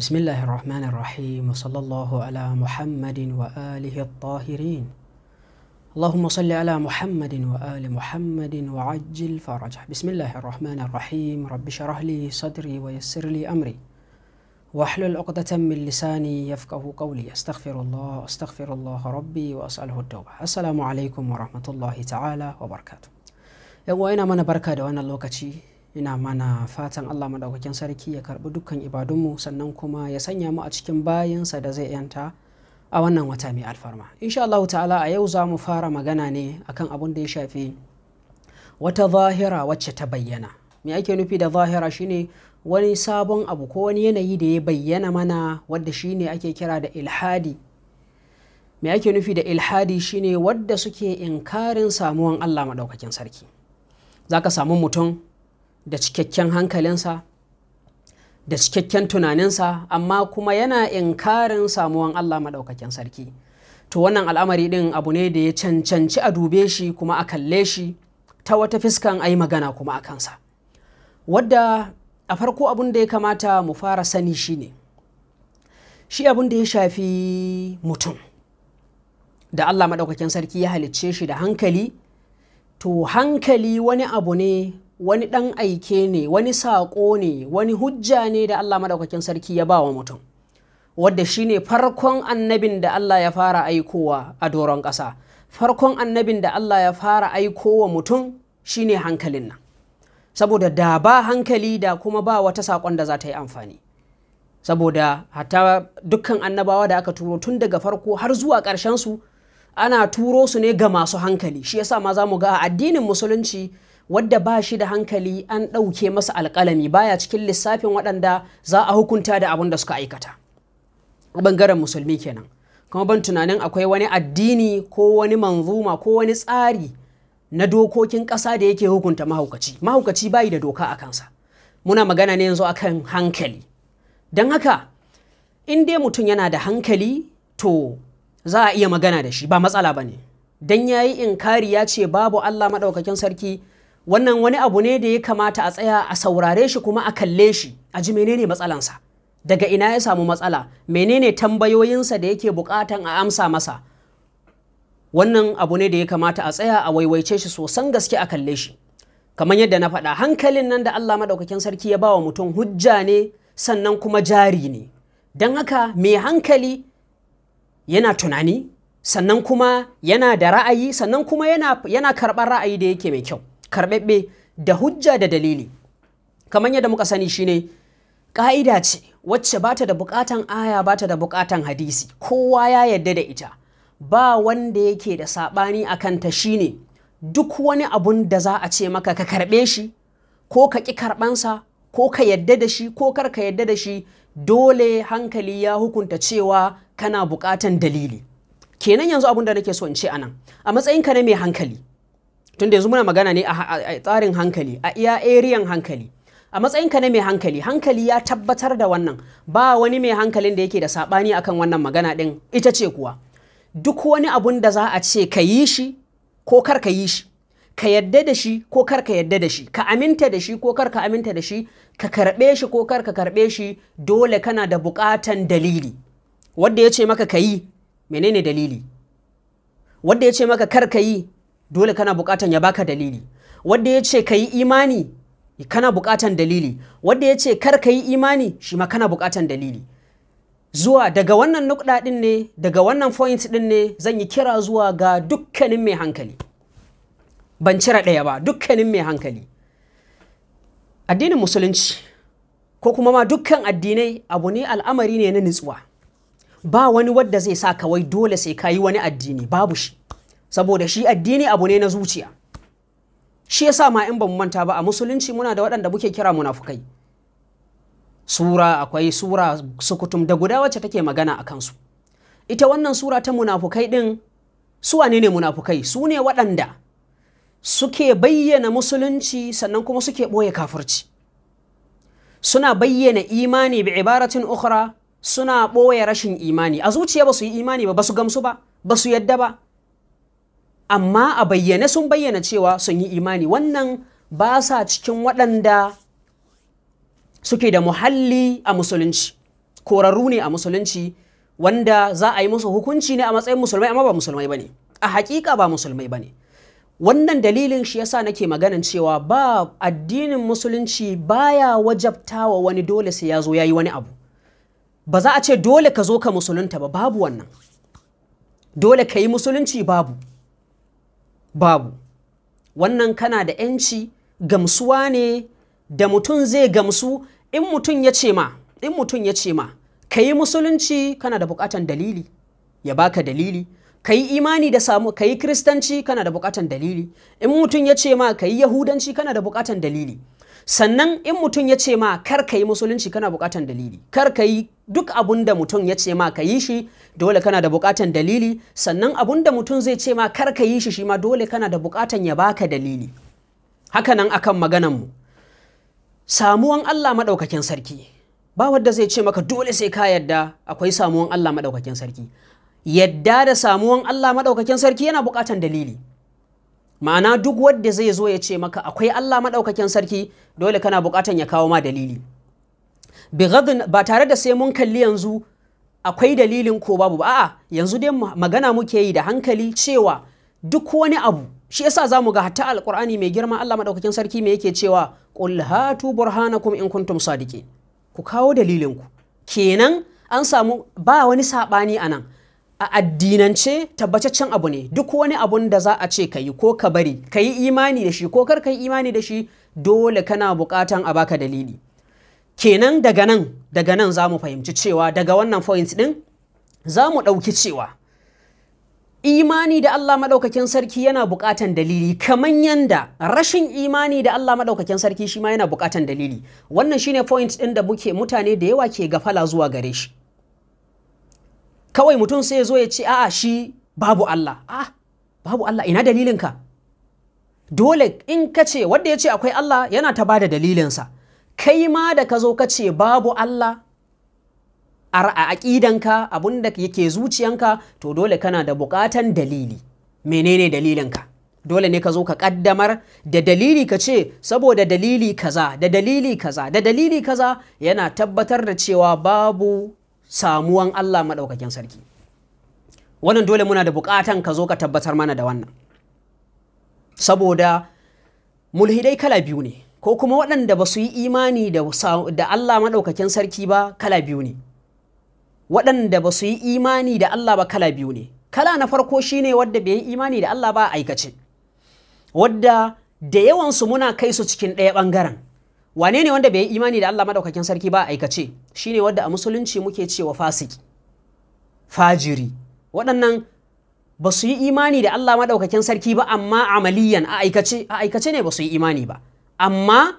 بسم الله الرحمن الرحيم وصلى الله على محمد وآله الطاهرين اللهم صل على محمد وآل محمد وعجل فرجه بسم الله الرحمن الرحيم رب شرح لي صدري ويسر لي أمري واحلل عقدة من لساني يفقه قولي استغفر الله استغفر الله ربي وأسأله التوبة السلام عليكم ورحمة الله تعالى وبركاته يا وين من بركة وانا لوكتي ina mana fatan allah maɗaukakin sarki ya karɓi dukkan ibadunmu sannan kuma ya sanya mu a cikin bayansa da zai yanta a wannan wata mai alfarma insha allahu ta'ala a yau za mu fara magana ne akan abun da ya shafi wata zahira wacce ta bayyana me ake nufi da zahira shine wani sabon abu ko wani yanayi da ya bayyana mana wadda shine ake kira da ilhadi me ake nufi da ilhadi shine wadda suke inkarin samuwan Allah maɗaukakin sarki zaka samu mutum da cikakken hankalinsa da cikakken tunaninsa amma kuma yana inkarin samuwan Allah maɗaukakin sarki to wannan al'amari ɗin abu ne da ya cancanci a dube shi kuma a kalle shi ta wata fiskan a magana kuma a kansa wadda a farko abin da ya kamata mu fara sani shi ne. shi abin da ya shafi mutum da Allah maɗaukakin sarki ya halicce shi da hankali to hankali wani abu ne wani ɗan aike ne wani saƙo ne wani hujja ne da Allah maɗaukakin sarki ya ba wa mutum wadda shi ne farkon annabin da Allah ya fara aikowa a doron ƙasa farkon annabin da Allah ya fara aikowa mutum shi ne hankalin nan saboda da ba hankali da kuma ba wata saƙon da za ta yi amfani saboda hatta dukkan annabawa da aka turo tun daga farko har zuwa ƙarshen su ana turo su ne ga masu hankali shi yasa ma za mu ga a addinin musulunci wadda ba shi da hankali an ɗauke masa alƙalami baya cikin lissafin waɗanda za a hukunta da abin da suka aikata bangaren musulmi kenan kuma ban tunanin akwai wani addini ko wani manzuma ko wani tsari na dokokin ƙasa da yake hukunta mahaukaci mahaukaci bayi da doka a kansa muna magana ne yanzu akan hankali don haka in dai mutum yana da hankali to za a iya magana da shi ba matsala ba ne don ya yi inkari ya ce babu allah maɗaukakin sarki wannan wani abu ne da ya kamata a tsaya a saurare shi kuma a kalle shi a ji menene matsalansa daga ina ya samu matsala menene tambayoyinsa da yake bukatan a amsa masa wannan abu ne da ya kamata a tsaya a waiwaice shi sosan gaske a kalle shi kamar yadda na faɗa hankalin nan da Allah madaukakin sarki ya bawa mutum hujja ne sannan kuma jari ne don haka mai hankali yana tunani sannan kuma yana da ra'ayi sannan kuma yana, yana karɓar ra'ayi da yake mai kyau karbebe da hujja da dalili kamar yadda muka sani shine ka'ida ce wacce bata da bukatan aya bata da bukatan hadisi kowa ya yadda da ita ba wanda yake da saɓani a kanta shine duk wani abun da za a ce maka ka karbe shi ko ka ki sa ko ka yadda da shi ko kar ka yadda da shi dole hankali ya hukunta cewa kana bukatan dalili kenan yanzu abun da nake so in ce anan a matsayinka na mai hankali tunda yanzu muna magana ne a tsarin hankali a iya eriyan hankali a matsayinka na mai hankali hankali ya tabbatar da wannan ba wani mai hankalin da yake da saɓani akan wannan magana ɗin ita ce kuwa duk wani abun da za a ce ka yi shi ko kar ka yi shi ka yadda da shi ko kar ka yadda da shi ka aminta da shi ko kar ka aminta da shi ka karɓe shi ko kar ka karɓe shi dole kana da buƙatan dalili wanda ya ce maka ka yi menene dalili wanda ya ce maka kar ka yi dole kana bukatan ya baka dalili wanda yace ce ka yi imani kana buƙatan dalili wanda yace kar ka imani shi ma kana bukatan dalili zuwa daga wannan nukɗa din ne daga wannan point ɗin ne zan yi kira zuwa ga dukkanin mai hankali ban cire ɗaya ba dukkanin mai hankali addinin musulunci ko kuma ma dukkan addinai abu ne al'amari ne na nutsuwa ba wani wadda zai sa kawai dole sai ka yi wani addini babu shi saboda shi addini abu ne na zuciya shi yasa ma in bamu manta ba a musulunci muna da waɗanda muke kira munafukai sura akwai sura sukutum da guda wacce take magana a kansu ita wannan sura ta munafukai ɗin su wane ne munafukai su ne waɗanda suke bayyana musulunci sannan kuma suke ɓoye kafirci suna bayyana imani bi ibaratin ukhra suna ɓoye rashin imani a zuciya ba su yi imani ba ba su gamsu ba ba su yadda ba amma a bayyane sun bayyana cewa sun yi imani wannan ba sa cikin waɗanda suke da muhalli a musulunci korarru ne a musulunci wanda za a yi musu hukunci ne a matsayin musulmai amma ba musulmai ba ne a haƙiƙa ba musulmai ba ne wannan dalilin shi yasa nake maganan cewa ba addinin musulunci baya wajabtawa wani dole sai ya zo ya yi wani abu ba za a ce dole ka zo ka musulunta ba babu wannan dole ka yi musulunci babu babu wannan kana da 'yanci gamsuwa ne da mutum zai gamsu in mutum ya ce ma in mutum ya ce ma ka yi musulunci kana da bukatan dalili ya baka dalili ka yi imani da samu ka yi kristanci kana da bukatan dalili in mutum ya ce ma ka yi yahudanci kana da bukatan dalili sannan in mutum ya ce ma kar ka yi musulunci kana bukatan dalili kar ka yi duk abun da mutum ya ce ma ka yi shi dole kana da bukatan dalili sannan abun da mutum zai ce ma kar ka yi shi shi ma dole kana da bukatan ya baka dalili Haka hakanan akan maganan mu samuwan Allah madaukakin sarki ba wanda zai ce maka dole sai ka yadda akwai samuwan Allah madaukakin sarki yadda da samuwan Allah madaukakin sarki yana bukatan dalili ma'ana duk wanda zai zo ya ce maka akwai Allah maɗaukakin sarki dole kana buƙatan ya kawo ma dalili ba tare da sai mun kalli yanzu akwai dalilin ko babu ba a'a yanzu dai magana muke yi da hankali cewa duk wani abu shi yasa za mu ga hatta alkur'ani mai girma Allah maɗaukakin sarki me yake cewa qul hatu burhanakum in kuntum sadiqin ku kawo dalilin ku kenan an samu ba wani saɓani a nan. a addinance tabbataccen abu ne duk wani abun da za a ce ka yi ko ka bari ka yi imani da shi ko kar ka yi imani da shi dole kana buƙatan a baka dalili kenan daga nan daga nan za mu fahimci cewa daga wannan point ɗin za mu ɗauki cewa imani da Allah maɗaukakin sarki yana buƙatan dalili kamar yanda rashin imani da Allah maɗaukakin sarki shi ma yana buƙatan dalili wannan shine point ɗin da muke mutane da yawa ke gafala zuwa gare shi kawai mutum sai ya zo ya ce a'a shi babu Allah a ah, babu Allah ina dalilinka dole in ka ce wanda ya ce akwai Allah yana ta ba da dalilinsa kai ma da ka zo ka ce babu Allah a ka abun da yake zuciyanka to dole kana da buƙatan dalili menene dalilinka dole ne ka zo ka ƙaddamar da dalili ka ce saboda dalili kaza da dalili kaza da dalili kaza yana tabbatar da cewa babu samuwan Allah maɗaukakin sarki wannan dole muna da buƙatan ka zo ka tabbatar mana da wannan saboda mulhidai kala biyu ne ko kuma waɗanda ba su yi imani da, Allah maɗaukakin sarki ba kala biyu ne waɗanda ba su yi imani da Allah ba kala biyu ne kala na farko shi ne wadda bai yi imani da Allah ba aikace wadda da yawansu muna kai su cikin ɗaya ɓangaren wane ne wanda bai yi imani da Allah madaukakin sarki ba aikace shine wanda a musulunci muke cewa fasiki fajiri waɗannan ba su yi imani da Allah madaukakin sarki ba amma amaliyan a aikace a aikace ne ba su yi imani ba amma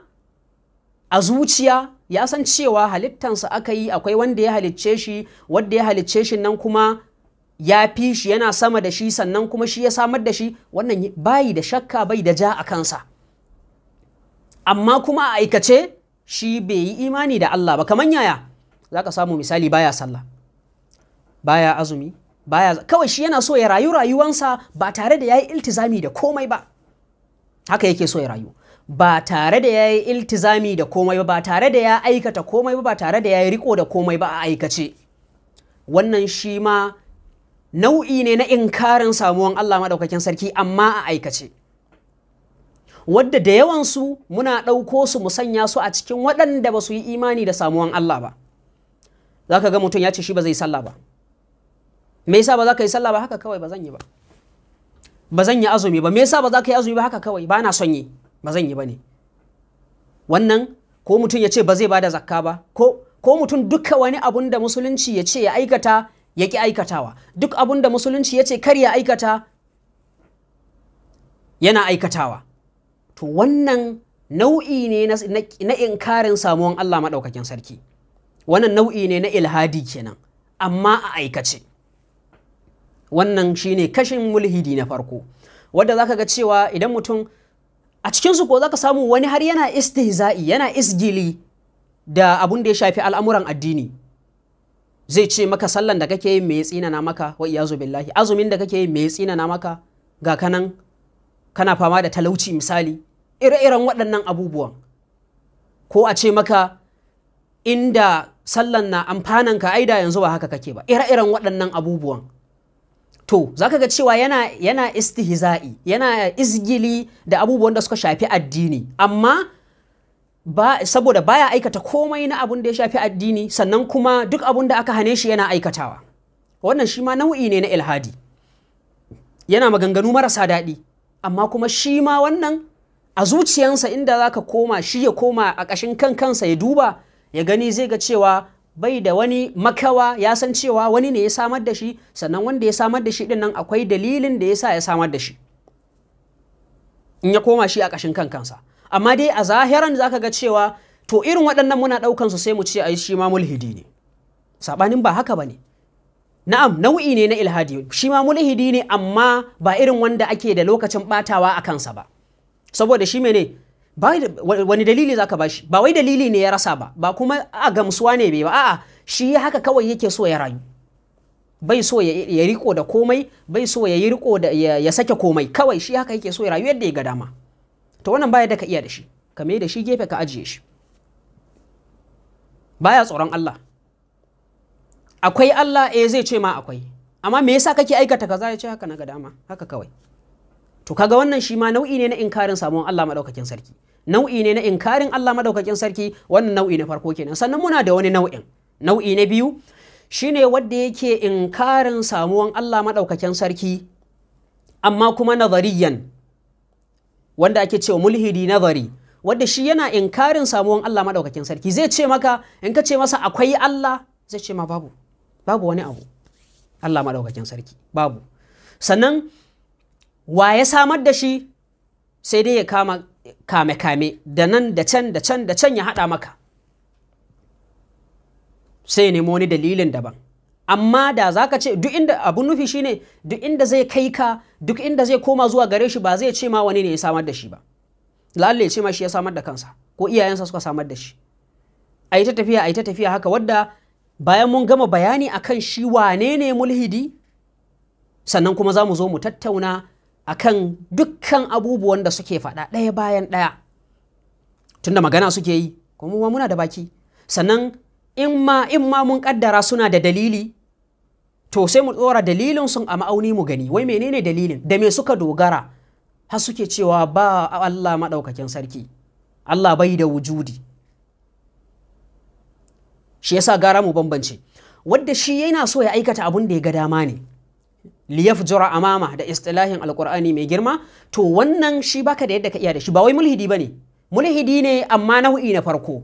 a zuciya ya san cewa halittansa aka yi akwai wanda ya halicce shi wanda ya halicce shi nan kuma ya fi shi yana sama da shi sannan kuma shi ya samar da shi wannan bai da shakka bai da ja a kansa amma kuma a aikace shi bai yi imani da Allah ba kamar yaya za ka samu misali baya sallah baya azumi baya kawai shi yana so ya rayu rayuwansa ba tare da ya yi iltizami da komai ba haka yake so ya rayu ba tare da ya yi iltizami da komai ba ba tare da ya aikata komai ba ba tare da ya yi riko da komai ba a aikace wannan shi ma nau'i ne na inkarin samuwan Allah maɗaukakin sarki amma a aikace wadda da yawansu muna ɗauko su mu sanya su a cikin waɗanda ba su yi imani da samuwan Allah ba za ka ga mutum ya ce shi ba zai sallah ba me yasa ba za ka yi sallah ba haka kawai ba zan yi ba ba zan yi azumi ba me yasa ba za ka yi azumi ba haka kawai ba na son yi ba zan yi ba ne wannan ko mutum ya ce ba zai bada zakka ba ko ko mutum duka wani abun da musulunci ya ce ya aikata ya ki aikatawa duk abun da musulunci ya ce kar ya aikata yana aikatawa to wannan nau'i ne na inkarin samuwan Allah maɗaukakin sarki wannan nau'i ne na ilhadi kenan amma a aikace wannan shine kashin mulhidi na farko wadda zaka ga cewa idan mutum a cikinsu ko zaka samu wani har yana istihza'i yana isgili da abun da ya shafi al'amuran addini zai ce maka sallan da kake yi mai tsinana maka wa iyazu billahi azumin da kake yi mai tsinana maka ga kanan kana fama da talauci misali ire-iren waɗannan abubuwan ko a ce maka inda sallan na amfanan ka aida yanzu ba haka kake ba ire-iren waɗannan abubuwan to ka ga cewa yana yana istihza'i yana izgili da abubuwan da suka shafi addini amma ba saboda baya aikata komai na abun da ya shafi addini sannan kuma duk abun da aka hane shi yana aikatawa wannan shi ma nau'i ne na ilhadi yana maganganu marasa daɗi amma kuma shi ma wannan a zuciyansa inda za ka koma shi ya koma a ƙashin kan kansa ya duba ya gani zai ga cewa bai da wani makawa ya san cewa wani ne ya samar da shi sannan wanda ya samar da shi din nan akwai dalilin da ya sa ya samar da shi in ya koma shi a ƙashin kan kansa amma dai a zahiran za ka ga cewa to irin waɗannan muna ɗaukan su sai mu ce a yi shi ma mulhidi ne saɓanin ba haka ba ne na'am nau'i ne na ilhadi shi ma mulhidi ne amma ba irin wanda ake da lokacin batawa a kansa ba saboda shi mene wani dalili zaka bashi ba wai dalili ne ya rasa ba ba kuma a gamsuwa ne bai ba a'a shi haka kawai yake so ya rayu bai so ya riko da komai bai so ya yi riko da ya sake komai kawai shi haka yake so ya rayu yadda ya ga dama to wannan baya da ka iya da shi ka mai da shi gefe ka ajiye shi baya tsoron Allah akwai Allah eh zai ce ma akwai amma me yasa kake aikata kaza ya ce haka na ga dama haka kawai to kaga wannan shi ma nau'i ne na inkarin samuwan Allah madaukakin sarki nau'i ne na inkarin Allah madaukakin sarki wannan nau'i na farko kenan sannan muna da wani nau'in nau'i na biyu shine wanda yake inkarin samuwan Allah madaukakin sarki amma kuma nazariyan wanda ake cewa mulhidi nazari wanda shi yana inkarin samuwan Allah madaukakin sarki zai ce maka in ka ce masa akwai Allah zai ce ma babu babu wani abu Allah maɗaukakin sarki babu sannan wa ya samar da shi sai dai ya kama kame kame da nan da can da can da can ya haɗa maka sai ya nemo wani dalilin daban amma da za ka ce duk inda abun nufi shine duk inda zai kai ka duk inda zai koma zuwa gare shi ba zai ce ma wani ne ya samar da shi ba lalle ce ma shi ya samar da kansa ko iyayensa suka samar da shi a yi ta tafiya a yi ta tafiya haka wadda bayan mun gama bayani akan shi wane ne mulhidi sannan kuma za mu zo mu tattauna akan dukkan abubuwan da suke faɗa ɗaya bayan ɗaya tunda magana suke yi kuma muna da baki sannan in ma in ma mun kaddara suna da dalili to sai mu tsora dalilin sun a ma'auni mu gani wai menene dalilin da me suka dogara har suke cewa ba Allah maɗaukakin sarki Allah bai da wujudi shi yasa gara mu bambance wadda shi yana so ya aikata abun da ya ga dama ne liyaf jura amama da istilahin alkur'ani mai girma to wannan shi baka da yadda ka iya da shi ba wai mulhidi bane mulhidi ne amma nau'i na farko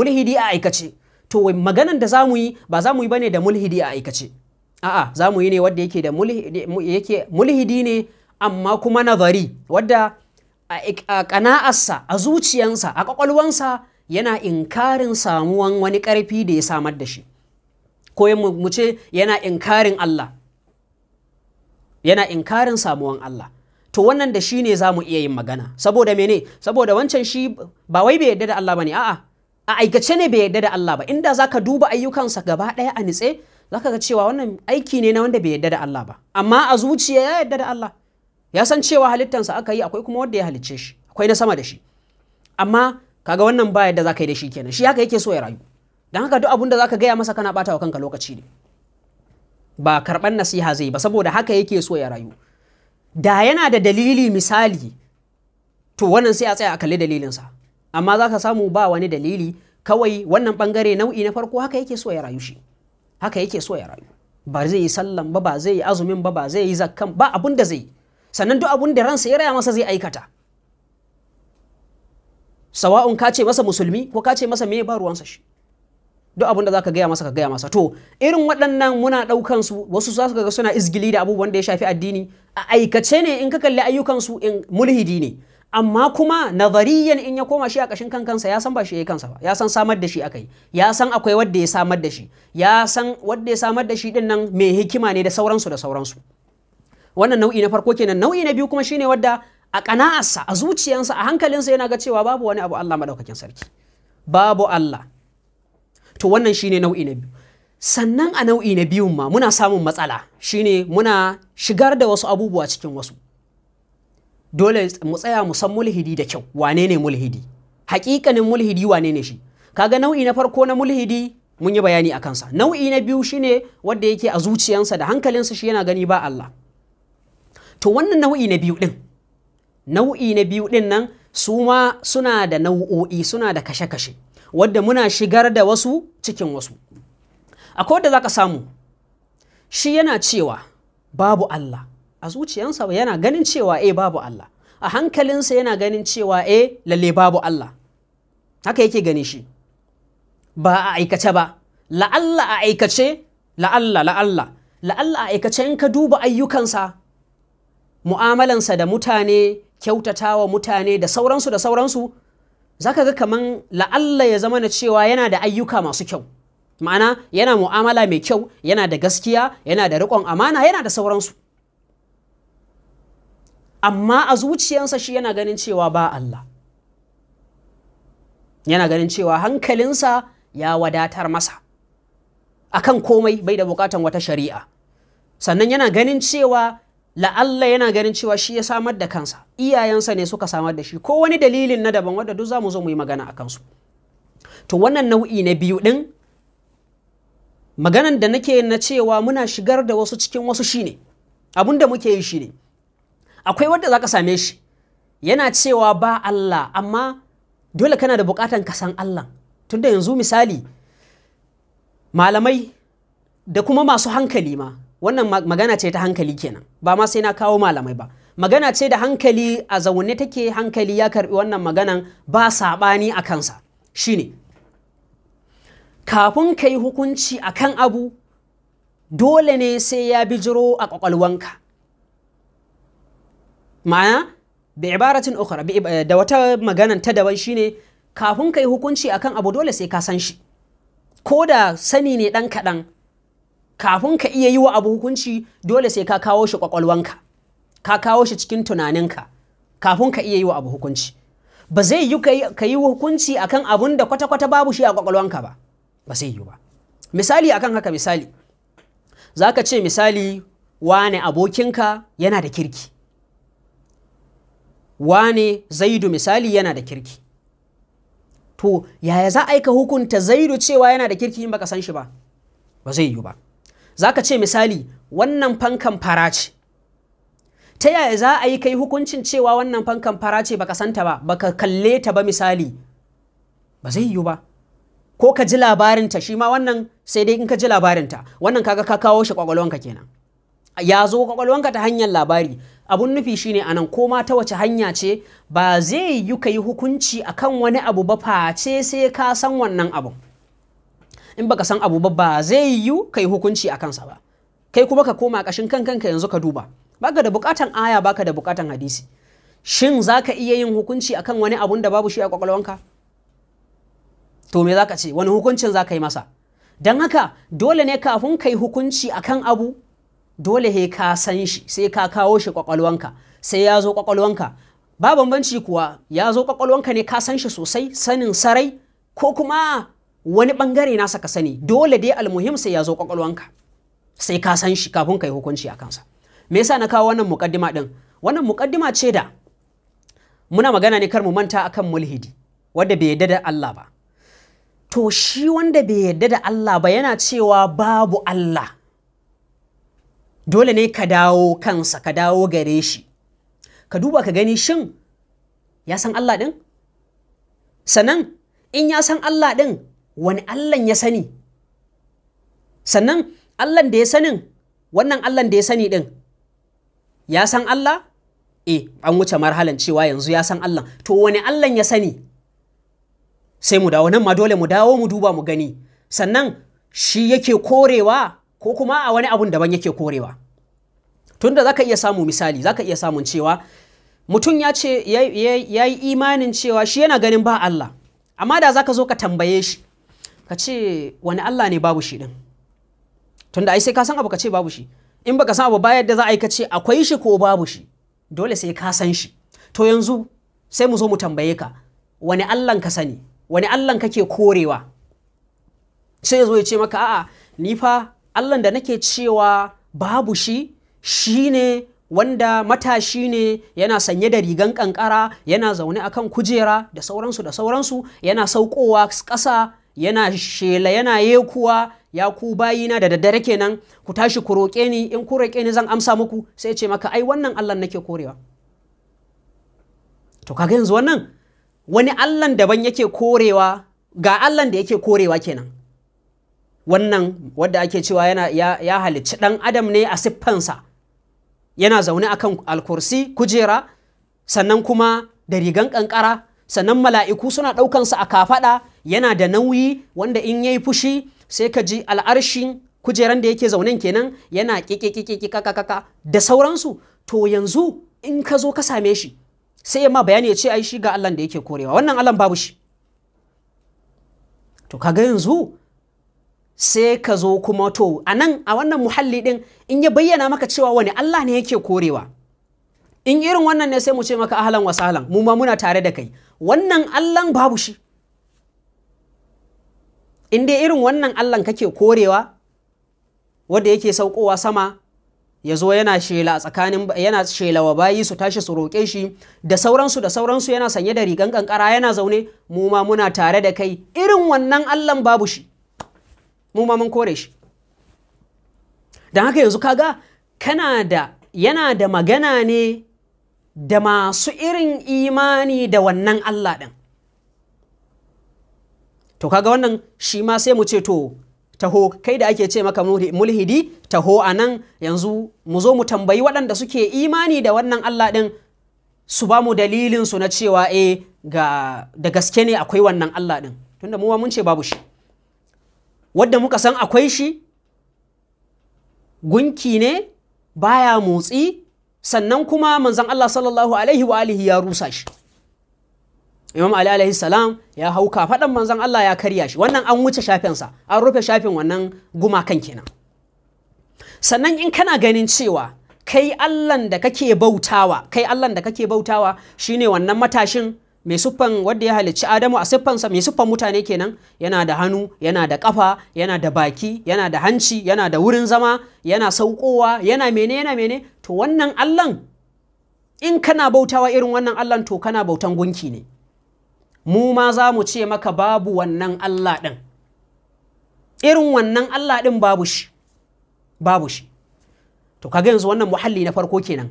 mulhidi a aikace to maganan da zamu yi ba zamu yi bane da mulhidi a aikace a'a zamu yi ne wanda yake da yake mulhidi ne amma kuma nazari wadda a kana'arsa a zuciyansa a kwakwalwansa yana inkarin samuwan wani karfi da ya samar da shi ko mu ce yana inkarin Allah yana inkarin samuwan Allah to wannan da shi ne za mu iya yin magana saboda mene saboda wancan shi ba wai bai yadda da Allah ne a'a a aikace ne bai yadda da Allah ba inda zaka duba ayyukansa gaba ɗaya a nitse zaka ga cewa wannan aiki ne na wanda bai yadda da Allah ba amma a zuciya ya yadda da Allah ya san cewa halittansa aka yi akwai kuma wanda ya halicce shi akwai na sama da shi amma kaga wannan ba yadda zaka yi da shi kenan shi haka yake so ya rayu dan haka duk abun da zaka gaya masa kana bata wa kanka lokaci ne ba karban nasiha zai ba saboda haka yake so ya rayu da yana da dalili misali to wannan sai a tsaya a kalli dalilinsa amma zaka samu ba wani dalili kawai wannan bangare nau'i na farko haka yake so ya rayu shi haka yake so ya rayu ba zai yi sallan ba ba zai yi azumin ba ba zai yi zakkan ba abun da zai sannan duk abun da ransa ya raya masa zai aikata sawa'un ka ce masa musulmi ko ka ce masa me ba ruwansa shi duk abin da zaka gaya masa ka gaya masa to irin waɗannan muna ɗaukan su wasu za su ga suna izgili da abubuwan da ya shafi addini a aikace ne in ka kalli ayyukan su in mulhidi ne amma kuma nazariyan in ya koma shi a kashin kan kansa ya san ba shi yi kansa ba ya san samar da shi akai ya san akwai wanda ya samar da shi ya san wanda ya samar da shi din nan mai hikima ne da sauransu da sauransu wannan nau'i na farko kenan nau'i na biyu kuma shine wadda a ƙana'arsa a zuciyarsa a hankalinsa yana ga cewa babu wani abu Allah maɗaukakin sarki babu Allah to wannan shine nau'i na biyu sannan a nau'i na biyun ma muna samun matsala shine muna shigar da wasu abubuwa cikin wasu dole mu tsaya mu san mulhidi da kyau wane ne mulhidi haƙiƙanin mulhidi wane ne shi kaga nau'i na farko na mulhidi mun yi bayani a kansa nau'i na biyu shine wanda yake a zuciyansa da hankalinsa shi yana gani ba Allah to wannan nau'i na biyu ɗin. nau'i na biyu ɗin nan su ma suna da nau'o'i suna da kashe-kashe wadda muna shigar da wasu cikin wasu akwai da za ka samu shi yana cewa babu Allah a zuciyansa yana ganin cewa eh babu Allah a hankalinsa yana ganin cewa eh lalle babu Allah haka yake gani shi ba a aikace ba la'alla a aikace la'alla la'alla la'alla a aikace in ka duba ayyukansa mu'amalansa da mutane Kyautata wa mutane da sauransu da sauransu zaka ga kaman la'alla ya zama na cewa yana da ayyuka masu kyau ma'ana yana mu'amala mai kyau yana da gaskiya yana da riƙon amana yana da sauransu amma a zuciyansa shi yana ganin cewa ba Allah yana ganin cewa hankalinsa ya wadatar masa akan komai bai da bukatan wata shari'a sannan yana ganin cewa la'alla yana ganin cewa shi ya samar da kansa iyayensa ne suka samar da shi ko wani dalilin na daban wanda duk za zo mu yi magana a kansu to wannan nau'i na biyu din maganan da nake na cewa muna shigar da wasu cikin wasu shine abin da muke yi shine akwai wanda zaka same shi yana cewa ba Allah amma dole kana da bukatan ka san Allah tunda yanzu misali malamai da kuma masu hankali ma wannan magana ce ta hankali kenan ba ma sai na kawo malamai ba magana ce da hankali a zaune take hankali ya karbi wannan maganan ba saɓani a kansa shine kafin ka yi hukunci a kan abu dole ne sai ya bijiro a kwakwalwanka. ma'ana bi ibaratin eh, da wata maganan ta daban shine kafin ka yi hukunci kan abu dole sai ka san shi ko da sani ne ɗan kaɗan kafin ka iya yi wa abu hukunci dole sai ka kawo shi kwakwalwanka ka kawo shi cikin tunaninka kafin ka iya yi wa abu hukunci ba zai yi ka yi hukunci akan abun da kwata-kwata babu shi a kwakwalwanka ba ba zai yi ba misali akan haka misali za ka ce misali wane abokinka yana da kirki wane zaidu misali yana da kirki to yaya za a yi ka hukunta zaidu cewa yana da kirki in baka san shi ba ba zai yi ba za ka ce misali wannan fankan fara ce ta yaya za a yi kai hukuncin cewa wannan fankan fara ce baka santa ba baka kalle ta ba misali ba zai yiwu ba ko ka ji labarinta shi ma wannan sai dai in ka ji labarinta wannan kaga ka kawo shi ka kenan ya zo ka ta hanyar labari abun nufi shine anan ko ma ta wace hanya ce ba zai yi ka yi hukunci akan wani abu ba face sai ka san wannan abun in baka san abu ba ba zai yiwu kai hukunci a kansa ba kai kuma ka koma kashin kan kanka yanzu ka duba baka da bukatan aya baka da bukatan hadisi shin zaka iya yin hukunci akan wani abun da babu shi a kwakwalwanka to me zaka ce wani hukuncin zaka yi masa dan haka dole ne kafin kai hukunci akan abu dole he ka san shi sai ka kawo shi kwakwalwanka sai ya zo kwakwalwanka ba bambanci kuwa ya zo kwakwalwanka ne ka san shi sosai sanin sarai ko kuma wani bangare nasa ka sani dole dai almuhim sai ya zo kwakwalwanka sai ka san shi kafin ka yi hukunci a kansa me yasa na kawo wannan mukaddima din wannan mukaddima ce da muna magana ne kar mu manta akan mulhidi wanda bai yarda da Allah ba to shi wanda bai yarda da Allah ba yana cewa babu Allah dole ne ka dawo kansa ka dawo gare shi ka duba ka gani shin ya san Allah din sannan in ya san Allah din wani Allahn ya sani sannan Allahn da ya sanin wannan Allahn da ya sani ɗin ya san Allah eh an wuce marhalan cewa yanzu ya san Allah to wani Allah ya sani sai mu dawo nan ma dole mu dawo mu duba mu gani sannan shi yake korewa ko kuma a wani abun daban yake korewa tunda zaka iya samu misali zaka iya samun cewa mutum ya ce ya yi imanin cewa shi yana ganin ba Allah amma da zaka zo ka tambaye shi ka ce wani Allah ne babu shi din tunda ai sai ka san abu ka ce babu shi in baka san abu ba yadda za a yi ka ce akwai shi ko babu shi dole sai ka san shi to yanzu sai mu zo mu tambaye ka wani Allah ka sani wani Allahn kake korewa sai ya zo ya ce maka a'a ni fa allah da nake cewa babu shi shine wanda matashi ne yana sanye da rigan kankara yana zaune akan kujera da sauransu da sauransu yana saukowa ƙasa yana shela yana yekuwa ya ku bayina da daddare kenan ku tashi ku roƙe ni in ku roƙe ni zan amsa muku sai ce maka ai wannan Allah nake korewa to kaga yanzu wannan wani Allah daban yake korewa ga Allah da yake korewa kenan wannan wadda ake cewa yana ya, ya halicci dan adam ne a siffansa yana zaune akan alkursi kujera sannan kuma da rigan kankara sannan mala'iku suna ɗaukansa a kafaɗa yana da nauyi wanda in yayi fushi sai ka ji al'arshin kujeran da yake zaunen kenan yana kaka kaka da sauransu to yanzu in ka zo ka same shi sai ya ma bayani ya ce ai shi ga Allah da yake korewa wannan Allah babu shi to kaga yanzu sai ka zo kuma to a nan a wannan muhalli din in ya bayyana maka cewa wani Allah ne yake korewa in irin wannan ne sai mu ce maka ahlan wa mu ma muna tare da kai wannan Allah babu shi in dai irin wannan Allahn kake korewa wanda yake saukowa sama ya zo yana shela a tsakanin yana shela wa bayi su tashi su roƙe shi da sauransu da sauransu yana sanye da rigan kankara yana zaune mu ma muna tare da kai irin wannan Allahn babu shi mu ma mun kore shi don haka yanzu kaga kana da yana da magana ne da masu irin imani da wannan Allah ɗin to kaga wannan shi ma sai mu ce to taho kai da ake ce maka mulhidi taho a nan yanzu mu zo mu tambayi waɗanda suke imani da wannan Allah ɗin su ba mu dalilin na cewa e ga da gaske ne akwai wannan Allah ɗin tunda mu mun ce babu shi wadda muka san akwai shi gunki ne baya motsi sannan kuma manzon Allah sallallahu alaihi wa alihi ya rusa shi imam ali alaihi salam ya hau kafaɗan manzon Allah ya karya shi wannan an wuce shafinsa an rufe shafin wannan gumakan kenan sannan in kana ganin cewa kai Allahn da kake bautawa kai Allahn da kake bautawa shine wannan matashin mai siffan wanda ya halicci Adamu a siffansa mai siffan mutane kenan yana da hannu yana da kafa yana da baki yana da hanci yana da wurin zama yana saukowa yana mene yana mene to wannan Allahn in kana bautawa irin wannan Allahn to kana bautan gunki ne mu ma za mu ce maka babu wannan Allah ɗin irin wannan Allah ɗin babu shi babu shi to kaga yanzu wannan muhalli na farko kenan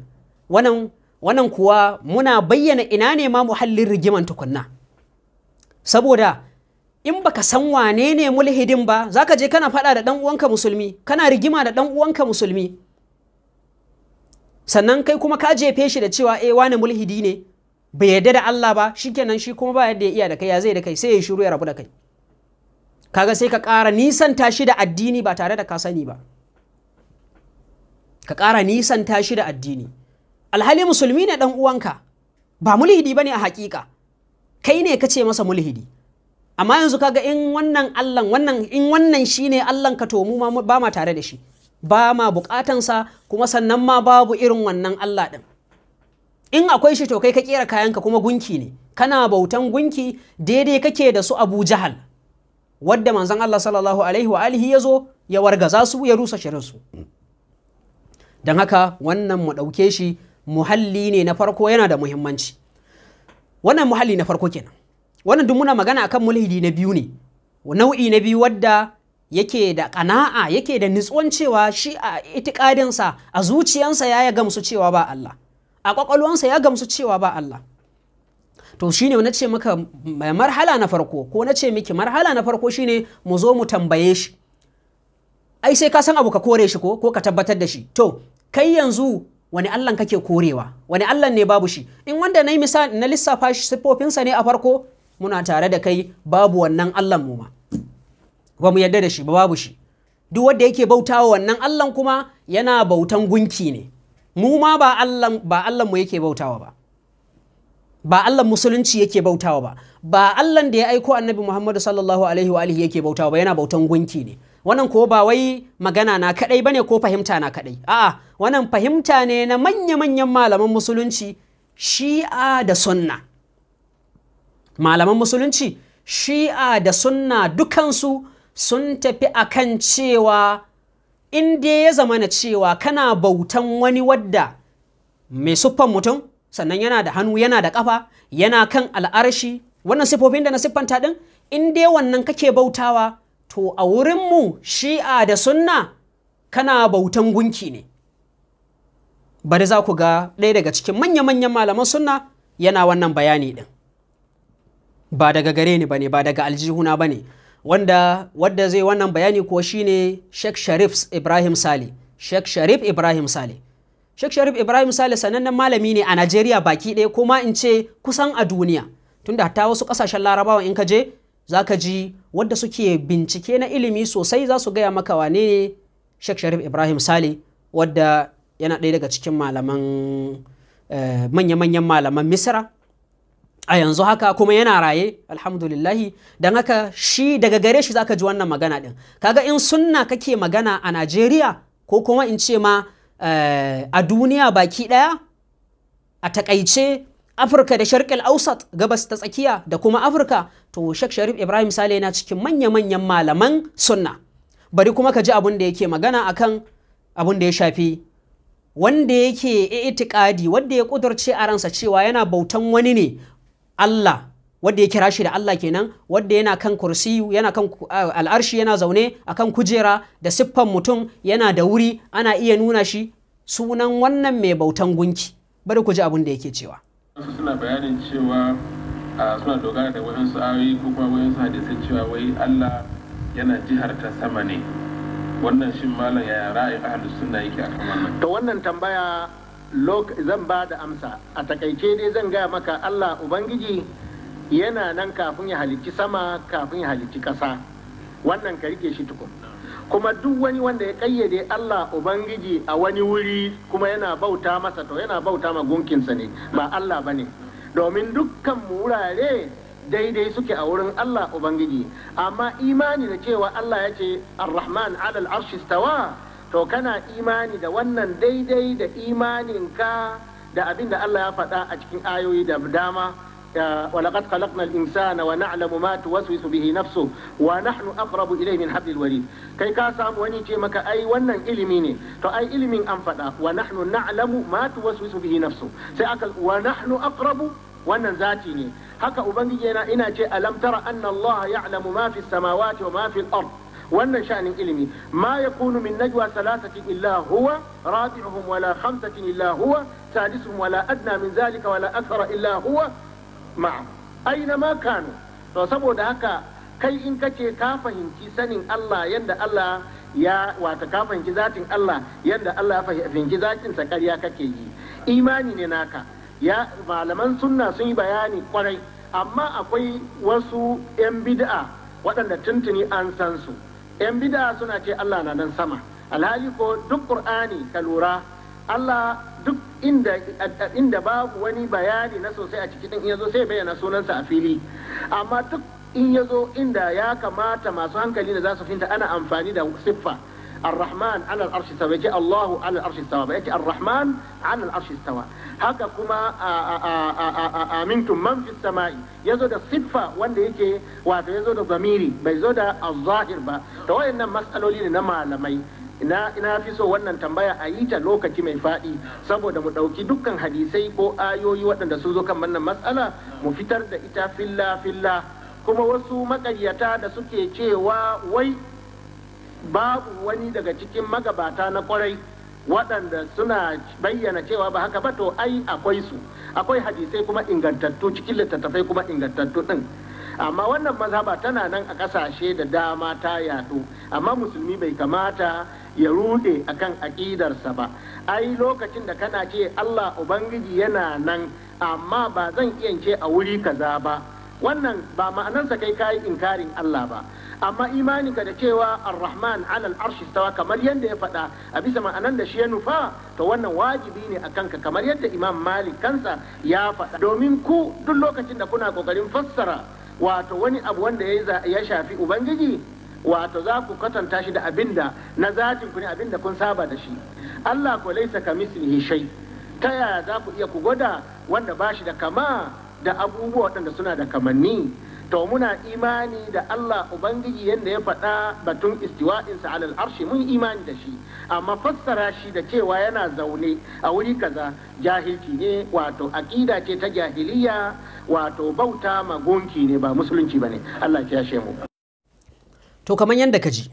wannan kuwa muna bayyana ina ne ma muhallin rigiman tukunna saboda in baka san wane ne mulhidin ba zaka je kana faɗa da ɗan uwanka musulmi kana rigima da ɗan uwanka musulmi sannan kai kuma ka jefe shi da cewa eh wane mulhidi ne bai yarda da Allah ba shi kenan shi kuma ba yadda ya iya da kai ya zai da kai sai ya shiru ya rabu da kai kaga sai ka ƙara nisanta shi da addini ba tare da ka sani ba ka ƙara nisanta shi da addini alhali musulmi ne dan uwanka ba mulhidi bane a hakika kai ne ka ce masa mulhidi amma yanzu kaga in wannan allan wannan in wannan shine Allah ka to mu ba ma tare da shi ba ma bukatansa kuma sannan ma babu irin wannan allah ɗin. in akwai shi to kai ka kera kayanka kuma gunki ne kana bautan gunki daidai kake da su Abu Jahal wadda manzon Allah sallallahu alaihi wa alihi yazo ya wargaza su ya rusa shirin su dan haka wannan mu dauke shi muhalli ne na farko yana da muhimmanci wannan muhalli na farko kenan wannan duk muna magana akan mulhidi na biyu ne nau'i na biyu wadda yake da ƙana'a yake da nitsuwan cewa shi a itikadinsa a zuciyarsa ya ya gamsu cewa ba Allah a kwakwalwansa ya gamsu cewa ba Allah to shine na ce maka marhala na farko ko na ce miki marhala na farko shine mu zo mu tambaye shi ai sai ka san abu ka kore shi ko ko ka tabbatar da shi to kai yanzu wani Allahn kake korewa wani allah ne babu shi in wanda na yi misali na lissafa siffofinsa ne a farko muna tare da kai babu wannan allah mu ma ba mu yarda da shi ba babu shi duk wanda yake bautawa wannan allah kuma yana bautan gunki ne mu ma ba Allah yake bautawa ba ba Allah musulunci yake bautawa ba ba Allah da ya aiko annabi Muhammadu sallallahu alaihi wa yake bautawa ba yana bautan gunki ne wannan ko ba wai magana na kadai bane ko fahimta na kadai a'a wannan fahimta ne na manya manyan malaman musulunci shi'a da sunna malaman musulunci shi'a da sunna dukansu sun tafi akan cewa in dai ya zama na cewa kana bautan wani wadda mai siffan mutum sannan yana da hannu yana da kafa yana kan al'arshi wannan siffofin da na siffanta din in dai wannan kake bautawa to a wurinmu shi'a da sunna kana bautan gunki ne bari za ku ga ɗaya daga cikin manya-manyan malaman sunna yana wannan bayani din ba daga gare ni ba ne ba daga aljihuna ba ne wanda wadda zai wannan bayani ko shine Sheikh Sharif Ibrahim Sale Sheikh Sharif Ibrahim Sale Sheikh Sharif Ibrahim Sale sanannen malami ne a Najeriya baki ɗaya kuma in ce kusan a duniya tunda hatta wasu ƙasashen larabawa in ka je za ka ji wadda suke bincike na ilimi sosai za su gaya maka wane ne Sheikh Sharif Ibrahim Sale wadda yana ɗaya daga cikin malaman eh, manya-manyan malaman Misra a yanzu haka kuma yana raye alhamdulillahi don haka shi daga gare shi zaka ji wannan magana din kaga in sunna kake magana a najeriya ko kuma in ce ma eh, a duniya baki daya a takaice afirka da sharqil ausat gabas ta tsakiya da kuma afirka to shek sharif ibrahim sale yana cikin manya-manyan malaman sunna bari kuma ka ji abin da yake magana akan abin da ya shafi wanda yake itikadi wanda ya kudurce a ransa cewa yana bautan wani ne Allah wanda ya kira shi da Allah kenan wanda yana kan kursi yana kan al'arshi yana zaune akan kujera da siffan mutum yana da wuri ana iya nuna shi sunan wannan mai bautan gunki bari ku ji abin da yake cewa suna bayanin cewa suna dogara da su ayoyi ko kuma su hadisai cewa wai Allah yana jihar ta sama ne wannan shin malam ya ra'ayin ahlus sunna yake akan wannan to wannan tambaya zan ba da amsa a takaice dai zan gaya maka Allah Ubangiji yana nan kafin ya halicci sama kafin ya halicci ƙasa wannan ka rike shi tukun kuma duk wani wanda ya kayyade Allah Ubangiji a wani wuri kuma yana bauta masa to yana bauta ma gunkinsa ne ba Allah ba ne domin dukkan wurare daidai suke a wurin Allah Ubangiji amma imani da cewa Allah ya ce Ar-Rahman alal arshi stawa to kana imani da wannan daidai da imaninka da abin da Allah ya faɗa a cikin ayoyi da dama ولقد خلقنا الإنسان ونعلم ما توسوس به نفسه ونحن أقرب إليه من حبل الوريد كي كاسام وني مك أي ونن إلميني تو أي إلمين أنفدا ونحن نعلم ما توسوس به نفسه سأكل ونحن أقرب wannan zati ne haka ubangiji yana ina ce alam tara anna Allah ya'lamu ma fi samawati wa ma fi al-ard wannan sha'anin ilimi ma ya kunu min najwa thalathatin illa huwa rabi'uhum wala khamsatin illa huwa sadisuhum wala adna min zalika wala akthara illa huwa ma'a aina ma kanu to saboda haka kai in kace ka fahimci sanin Allah yanda Allah ya wata ka fahimci zatin Allah yanda Allah ya fahimci zatin sa ƙarya kake yi imani ne naka ya malaman sunna sun yi bayani kwarai amma akwai wasu 'yan bid'a waɗanda tuntuni an san su yan bida suna ce Allah na nan sama alhali ko duk qur'ani ka lura Allah duk inda babu wani bayani na sosai a cikin in yazo sai bayyana sunansa a fili amma duk in yazo inda ya kamata masu hankali da za su finta ana amfani da siffa الرحمن على العرش استوى يجي الله على العرش استوى يجي الرحمن على العرش استوى haka kuma amintum man fi sama'i yazo da siffa wanda yake wato yazo da zamiri bai zo da azahir zahir ba mas'aloli ne na malamai ina ina fi so wannan tambaya a yi ta lokaci mai faɗi saboda mu ɗauki dukkan hadisai ko ayoyi waɗanda sun zo kan wannan matsala mu fitar da ita filla filla kuma wasu maƙaryata da suke cewa wai babu wani daga cikin magabata na kwarai waɗanda suna bayyana cewa ba haka ba to ai akwai su akwai hadisai kuma ingantattu cikin littattafai kuma ingantattu ɗin amma wannan mazhaba tana nan a ƙasashe da dama ta yaɗo amma musulmi bai kamata ya rude akan aƙidarsa ba ai lokacin da kana ce allah ubangiji yana nan amma ba zan iya ce a wuri kaza ba wannan ba ma'anarsa kai kayi inkarin allah ba amma imaninka da cewa ar-rahman alal arshi kamar yadda ya faɗa a bisa ma'anan da shi ya nufa to wannan wajibi ne a kanka kamar yadda imam malik kansa ya faɗa domin ku duk lokacin da kuna kokarin fassara wato wani abu wanda ya shafi ubangiji wato za ku kwatanta shi da abinda na zatin ku ne abinda kun saba da shi Allah ko laisa kamislihi shay ta yaya za ku iya ku gwada wanda ba shi da kama da abubuwa waɗanda suna da kamanni to muna imani da Allah Ubangiji yadda ya faɗa batun istiwa'insa alal arshi mun imani da shi amma fassara shi da cewa yana zaune a wuri kaza jahilci ne wato aƙida ce ta jahiliya wato bauta magonki ne ba musulunci ba ne Allah ya shemu. To kamar yadda ka ji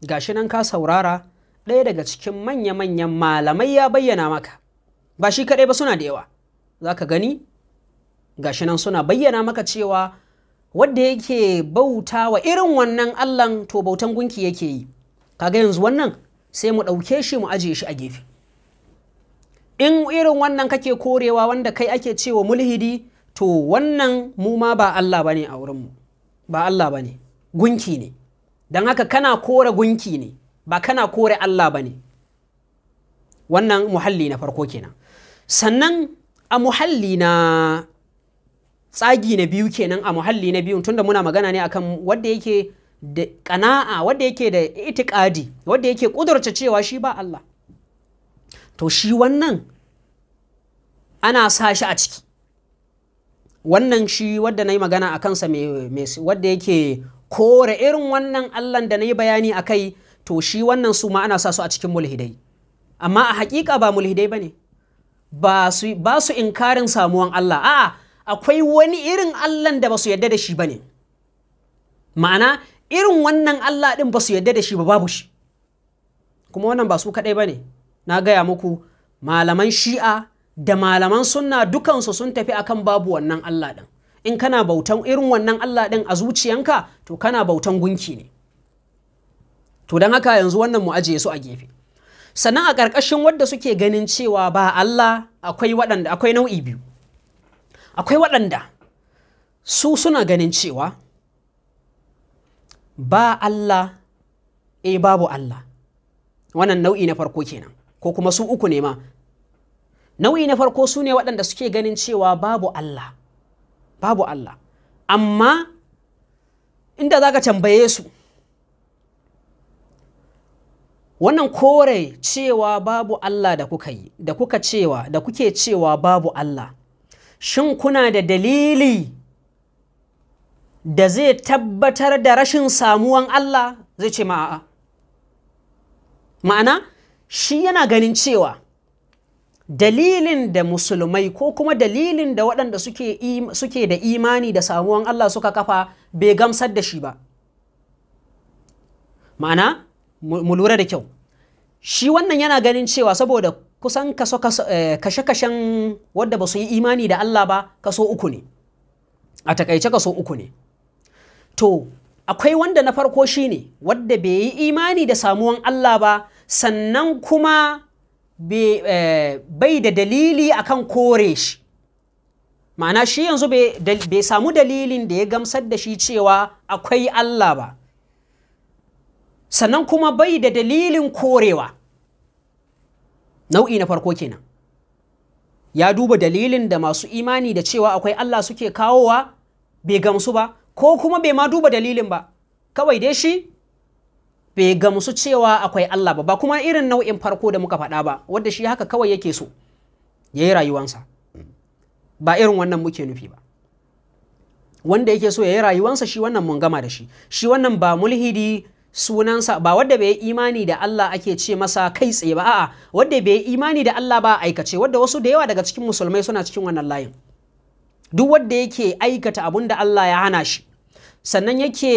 gashi nan ka saurara ɗaya daga cikin manya-manyan malamai ya bayyana maka ba shi kaɗai ba suna da yawa za ka gani gashi nan suna bayyana maka cewa wadda yake bauta wa irin wannan allan to bautan gunki yake yi kaga yanzu wannan sai mu ɗauke shi mu ajiye shi a gefe in irin wannan kake korewa wanda kai ake cewa mulhidi to wannan mu ma ba Allah bane a wurinmu ba Allah bane gunki ne don haka kana kore gunki ne ba kana kore Allah bane wannan muhalli na farko kenan sannan a muhalli na tsagi na biyu kenan a muhalli na biyu tunda muna magana ne akan wadda yake da kana'a wadda yake da itikadi wadda yake kudurta cewa shi ba Allah to shi wannan ana sa shi a ciki wannan shi wadda na yi magana a kansa wadda yake kore irin wannan allahn da na yi bayani a kai to shi wannan su ma ana sa su a cikin mulhidai amma a hakika ba mulhidai ba ne ba su inkarin samuwan allah a'a akwai wani irin Allahn da ba su yadda da shi ba ne ma'ana irin wannan Allah ɗin ba su yadda da shi ba babu shi kuma wannan ba su kaɗai ba ne na gaya muku malaman shi'a da malaman sunna dukansu sun tafi akan babu wannan Allah ɗin in kana bautan irin wannan Allah ɗin a zuciyanka to kana bautan gunki ne to don haka yanzu wannan mu ajiye su a gefe sannan a ƙarƙashin wadda suke ganin cewa ba Allah akwai waɗanda akwai nau'i biyu akwai waɗanda su suna ganin cewa ba Allah e babu Allah wannan nau'i na farko kenan ko kuma su uku ne ma nau'i na farko su ne waɗanda suke ganin cewa babu Allah babu Allah amma inda za ka tambaye su wannan kore cewa babu Allah da kuka yi da kuka cewa da kuke cewa babu Allah shin kuna da dalili da zai tabbatar da rashin samuwan Allah zai ce ma'a ma'ana shi yana ganin cewa dalilin da musulmai ko kuma dalilin da waɗanda suke, suke da imani da samuwan Allah suka kafa bai gamsar da shi ba ma'ana mu lura da kyau shi wannan yana ganin cewa saboda kusan kaso eh, kashe-kashen wadda ba su yi imani da Allah ba kaso uku ne a takaice kaso uku ne to akwai wanda na farko shi ne wadda bai yi imani da samuwan Allah ba sannan kuma bai eh, da dalili akan kore shi ma'ana shi yanzu bai samu dalilin da ya gamsar da shi cewa akwai Allah ba sannan kuma bai da dalilin korewa nau'i na farko kenan ya duba dalilin da masu imani da cewa akwai Allah suke kawowa bai gamsu ba ko kuma bai ma duba dalilin ba kawai dai shi bai gamsu cewa akwai Allah ba ba kuma irin nau'in farko da muka faɗa ba wanda shi haka kawai yake so ya yi rayuwansa ba irin wannan muke nufi ba wanda yake so ya yi rayuwansa shi wannan mun gama da shi shi wannan ba mulhidi sunansa ba wadda bai imani da Allah ake ce masa kai tsaye ba a'a wadda bai imani da Allah ba aikace wadda wasu da yawa daga cikin musulmai suna cikin wannan layin duk wadda yake aikata abun Allah ya hana shi sannan yake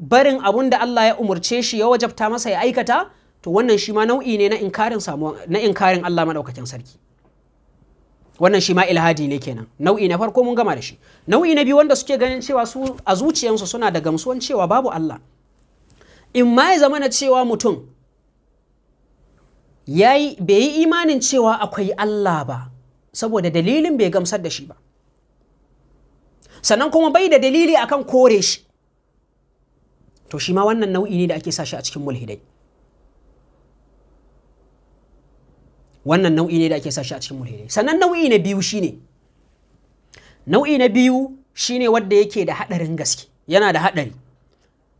barin abun Allah ya umurce shi ya wajabta masa ya aikata to wannan shi ma nau'i ne na inkarin samuwa na inkarin Allah madaukakin sarki wannan shi ma ilhadi ne kenan nau'i na farko mun gama da shi nau'i na biyu wanda suke ganin cewa su a zuciyarsu suna da gamsuwan cewa babu Allah in ma ya zama na cewa mutum bai yi imanin cewa akwai Allah ba saboda dalilin bai gamsar da shi ba sannan kuma bai da dalili akan kore shi to shi ma wannan nau'i ne da ake sa shi a cikin mulhidai wannan nau'i ne da ake sa shi a cikin mulhidai sannan nau'i na biyu shine nau'i na biyu shi ne wadda yake da haɗarin gaske yana da haɗari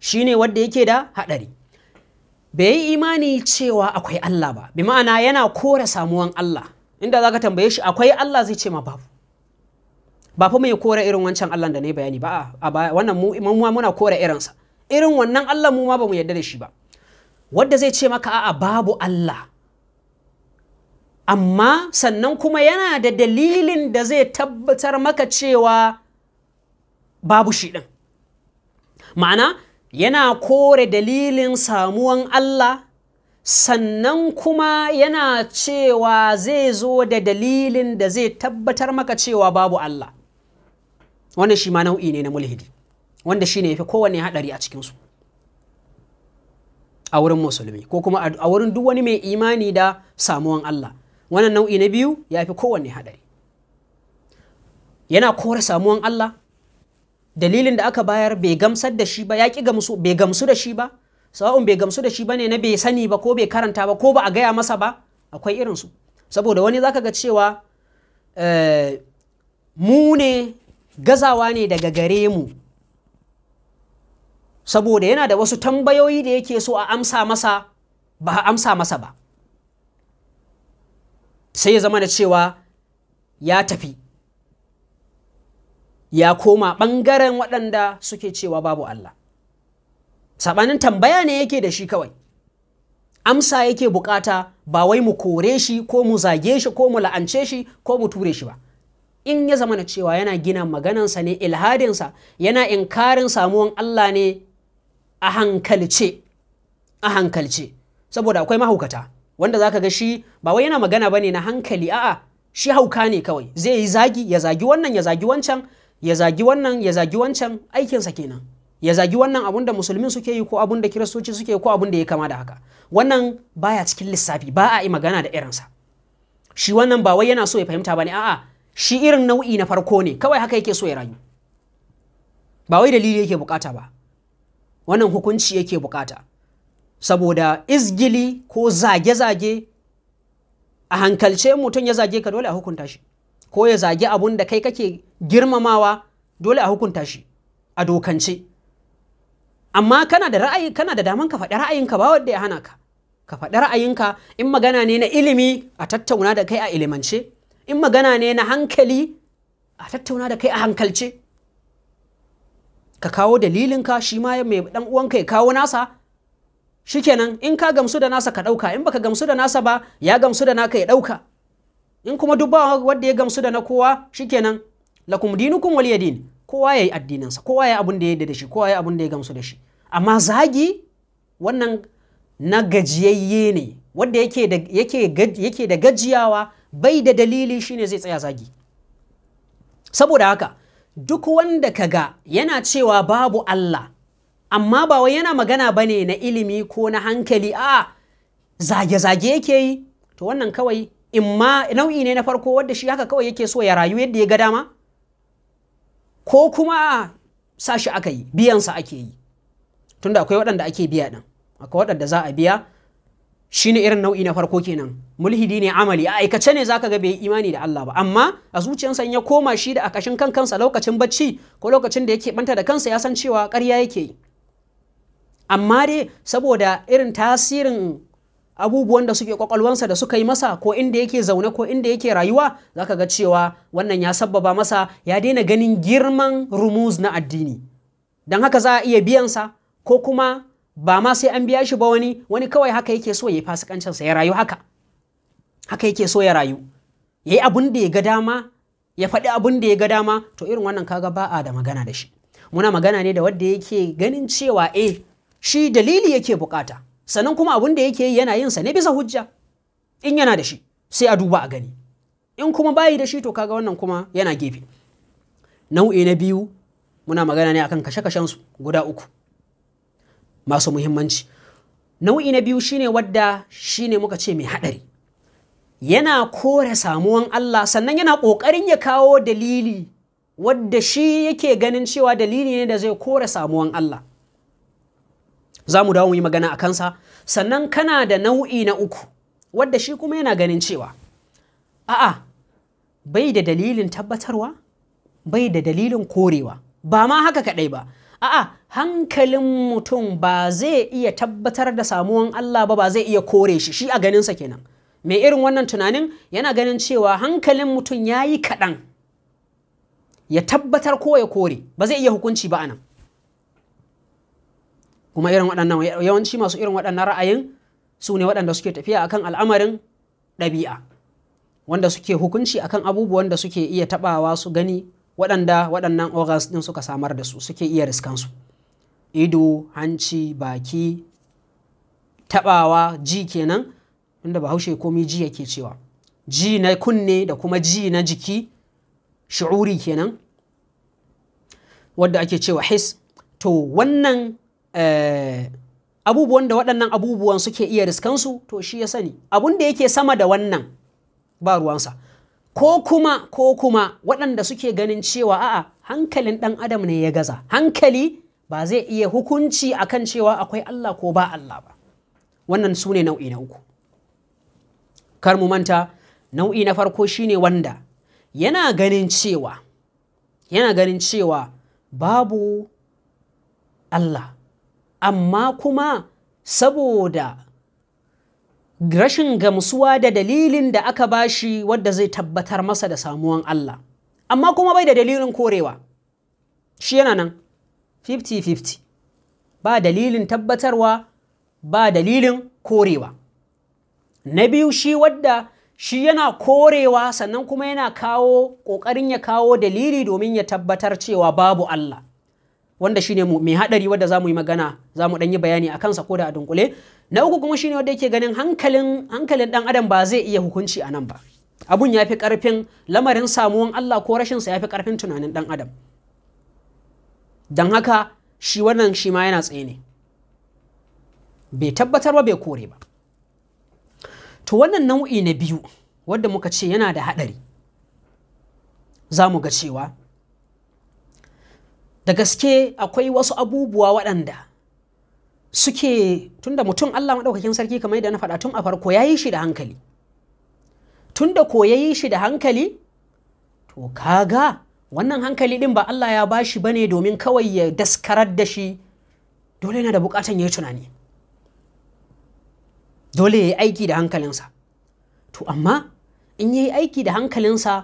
Shi ne wadda yake da haɗari bai yi imani cewa akwai Allah ba bi ma'ana yana kora samuwan Allah inda za ka tambaye shi akwai Allah zai ce ma babu ba fa mai kora irin wancan Allah da ne bayani ba a wannan mu muna kora irinsa irin wannan Allah mu ma ba mu yarda da shi ba Wadda zai ce maka a babu Allah amma sannan kuma yana da dalilin da zai tabbatar maka cewa babu shi ɗin ma'ana yana kore dalilin samuwan Allah sannan kuma yana cewa zai zo da dalilin da zai tabbatar maka cewa babu Allah wannan shi ma nau'i ne na mulhidi wanda shi ne fi kowanne haɗari a cikinsu a wurin musulmi ko kuma a wurin duk wani mai imani da samuwan Allah wannan nau'i na biyu ya fi kowanne haɗari yana kore samuwan Allah dalilin da aka bayar bai gamsar da shi ba ya ƙi gamsu bai gamsu da shi ba sawa'un bai gamsu da shi ba ne na bai sani ba ko bai karanta ba ko ba a gaya masa ba akwai irinsu saboda wani zaka ga cewa eh, mu ne gazawa ne daga gare mu saboda yana da wasu tambayoyi da yake so a amsa masa ba a amsa masa ba sai ya zama da cewa ya tafi ya koma ɓangaren waɗanda suke cewa babu Allah saɓanin tambaya ne yake da shi kawai amsa yake bukata ba wai mu kore shi ko mu zage shi ko mu la'ance shi ko mu ture shi ba in ya zama na cewa yana gina maganansa ne ilhadinsa yana inkarin samuwan Allah ne a hankalce a hankalce saboda akwai mahaukata wanda zaka ga shi ba wai yana magana ba ne na hankali a'a shi hauka ne kawai zai yi zagi ya zagi wannan ya zagi wancan ya zagi wannan ya zagi wancan aikinsa kenan ya zagi wannan abun da musulmin suke yi ko abun da kiristoci suke ko abun da ya kama da haka wannan baya cikin lissafi ba a yi magana da irinsa shi wannan ba wai yana so ya fahimta ba ne a'a shi irin nau'i na farko ne kawai haka yake so ya rayu ba wai dalili yake bukata ba wannan hukunci yake bukata saboda izgili ko zage-zage a hankalce mutum ya zage ka dole a hukunta shi ko ya zagi abun da kai kake girmamawa dole a hukunta shi a dokance amma kana da ra'ayi kana da daman ka faɗi ra'ayinka ba wanda ya hana ka ka faɗi ra'ayinka in magana ne na ilimi a tattauna da kai a ilimance in magana ne na hankali a tattauna da kai a hankalce ka kawo dalilinka shi ma mai dan uwanka ya kawo nasa shikenan in ka gamsu da nasa ka ɗauka in baka gamsu da nasa ba ya gamsu da naka ya ɗauka in kuma duk ba wanda ya gamsu da na kowa shikenan lakum dinukum waliya din kowa yayi addininsa kowa yayi abin da ya da shi kowa yayi abin da ya gamsu da shi amma zagi wannan na gajiyayye ne wanda yake da yake yake da gajiyawa bai da dalili shine zai tsaya zagi saboda haka duk wanda ka ga yana cewa babu Allah amma ba wai yana magana bane na ilimi ko na hankali a zage-zage yake yi to wannan kawai in ma nau'i ne na farko wadda shi haka kawai yake so ya rayu yadda ya ga dama ko kuma sa shi aka yi biyansa ake yi tunda akwai waɗanda ake biya ɗin akwai waɗanda za a biya shi ne irin nau'i na farko kenan mulhidi ne amali a aikace ne zaka ga bai imani da Allah ba amma a zuciyarsa ya koma shi da akashin kan kansa lokacin bacci ko lokacin da yake banta da kansa ya san cewa karya yake yi amma dai saboda irin tasirin abubuwan da suke kwakwalwansa da suka yi masa ko inda yake zaune ko inda yake rayuwa za ka ga cewa wannan ya sabbaba masa ya daina ganin girman rumuz na addini don haka za a iya biyansa ko kuma ba ma sai an biya shi ba wani wani kawai haka yake so ya yi fasikancinsa ya rayu haka haka yake so ya rayu ya yi abin da ya ga dama ya faɗi abin da ya ga dama to irin wannan kaga ba a da magana da shi muna magana ne da wadda yake ganin cewa eh shi dalili yake bukata sannan kuma abin da yake yi yana yin sa ne bisa hujja in yana da shi sai a duba a gani in kuma bayi da shi to kaga wannan kuma yana gefe nau'i na biyu muna magana ne akan kashe-kashen su guda uku masu muhimmanci nau'i na biyu shine wadda shine muka ce mai haɗari yana kore samuwan Allah sannan yana kokarin ya kawo dalili wadda shi yake ganin cewa dalili ne da zai kore samuwan Allah za mu dawo mu yi magana a kansa sannan kana da nau'i na uku wadda shi kuma yana ganin cewa a'a bai da dalilin tabbatarwa bai da dalilin korewa ba ma haka kaɗai ba a'a hankalin mutum ba zai iya tabbatar da samuwan Allah ba ba zai iya kore shi shi a ganinsa kenan mai irin wannan tunanin yana ganin cewa hankalin mutum ya yi kaɗan ya tabbatar ko ya kore ba zai iya hukunci ba anan kuma irin waɗannan yawanci masu irin waɗannan ra'ayin su ne waɗanda suke tafiya akan al'amarin ɗabi'a wanda suke hukunci akan abubuwan da suke iya taɓawa su gani waɗanda waɗannan organs ɗin suka samar da su suke iya riskansu ido hanci baki taɓawa ji kenan inda bahaushe komai ji yake cewa ji na kunne da kuma ji na jiki shi'uri kenan wadda ake cewa his to wannan Eh, abubuwan da waɗannan abubuwan suke iya riskansu to shi ya sani abun da yake sama da wannan ba ruwansa ko kuma ko kuma waɗanda suke ganin cewa a'a hankalin ɗan adam ne ya gaza hankali ba zai iya hukunci akan cewa akwai Allah ko ba Allah ba wannan su ne nau'i na uku kar mu manta nau'i na farko shine wanda yana ganin cewa yana ganin cewa babu Allah amma kuma saboda rashin gamsuwa da dalilin da aka bashi wadda zai tabbatar masa da samuwan Allah amma kuma bai da dalilin korewa shi yana nan 50-50 ba dalilin tabbatarwa ba dalilin korewa na biyu shi wadda shi yana korewa sannan kuma yana kawo ƙoƙarin ya kawo dalili domin ya tabbatar cewa babu Allah wanda shine mu mai hadari wanda zamu yi magana zamu dan yi bayani a kansa ko da a dunkule na uku kuma shine wanda yake ganin hankalin hankalin dan adam ba zai iya hukunci a nan ba abun yafi karfin lamarin samuwan Allah ko rashin sa yafi karfin tunanin dan adam dan haka shi wannan shi ma yana tsaye ne bai tabbatar ba bai kore ba to wannan nau'i na biyu wanda muka ce yana da hadari za mu ga cewa da gaske akwai wasu abubuwa waɗanda suke tunda mutum Allah maɗaukakin sarki kamar yadda na faɗa tun a farko ya yi shi da hankali tunda ko ya yi shi da hankali to kaga wannan hankali ɗin ba Allah ya bashi ne domin kawai ya daskarar da shi dole yana da buƙatar ya yi tunani dole ya yi aiki da hankalinsa to amma in ya yi aiki da hankalinsa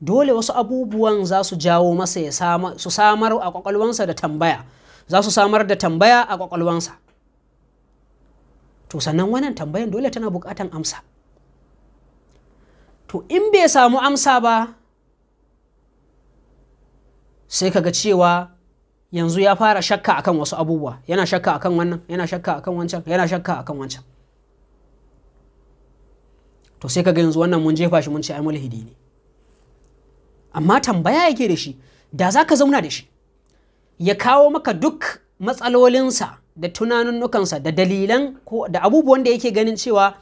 dole wasu abubuwan za su jawo masa ya su samar a kwakwalwansa da tambaya za su samar da tambaya a kwakwalwansa to sannan wannan tambayan dole tana bukatan amsa to in bai samu amsa ba sai kaga cewa yanzu ya fara shakka akan wasu abubuwa yana shakka akan wannan yana shakka akan wancan yana shakka akan wancan to sai kaga yanzu wannan mun jefa shi mun ce ai mulhidi ne amma tambaya yake da shi da za ka zauna da shi ya kawo maka duk matsalolinsa da tunanunnukansa da dalilan ko da abubuwan da yake ganin cewa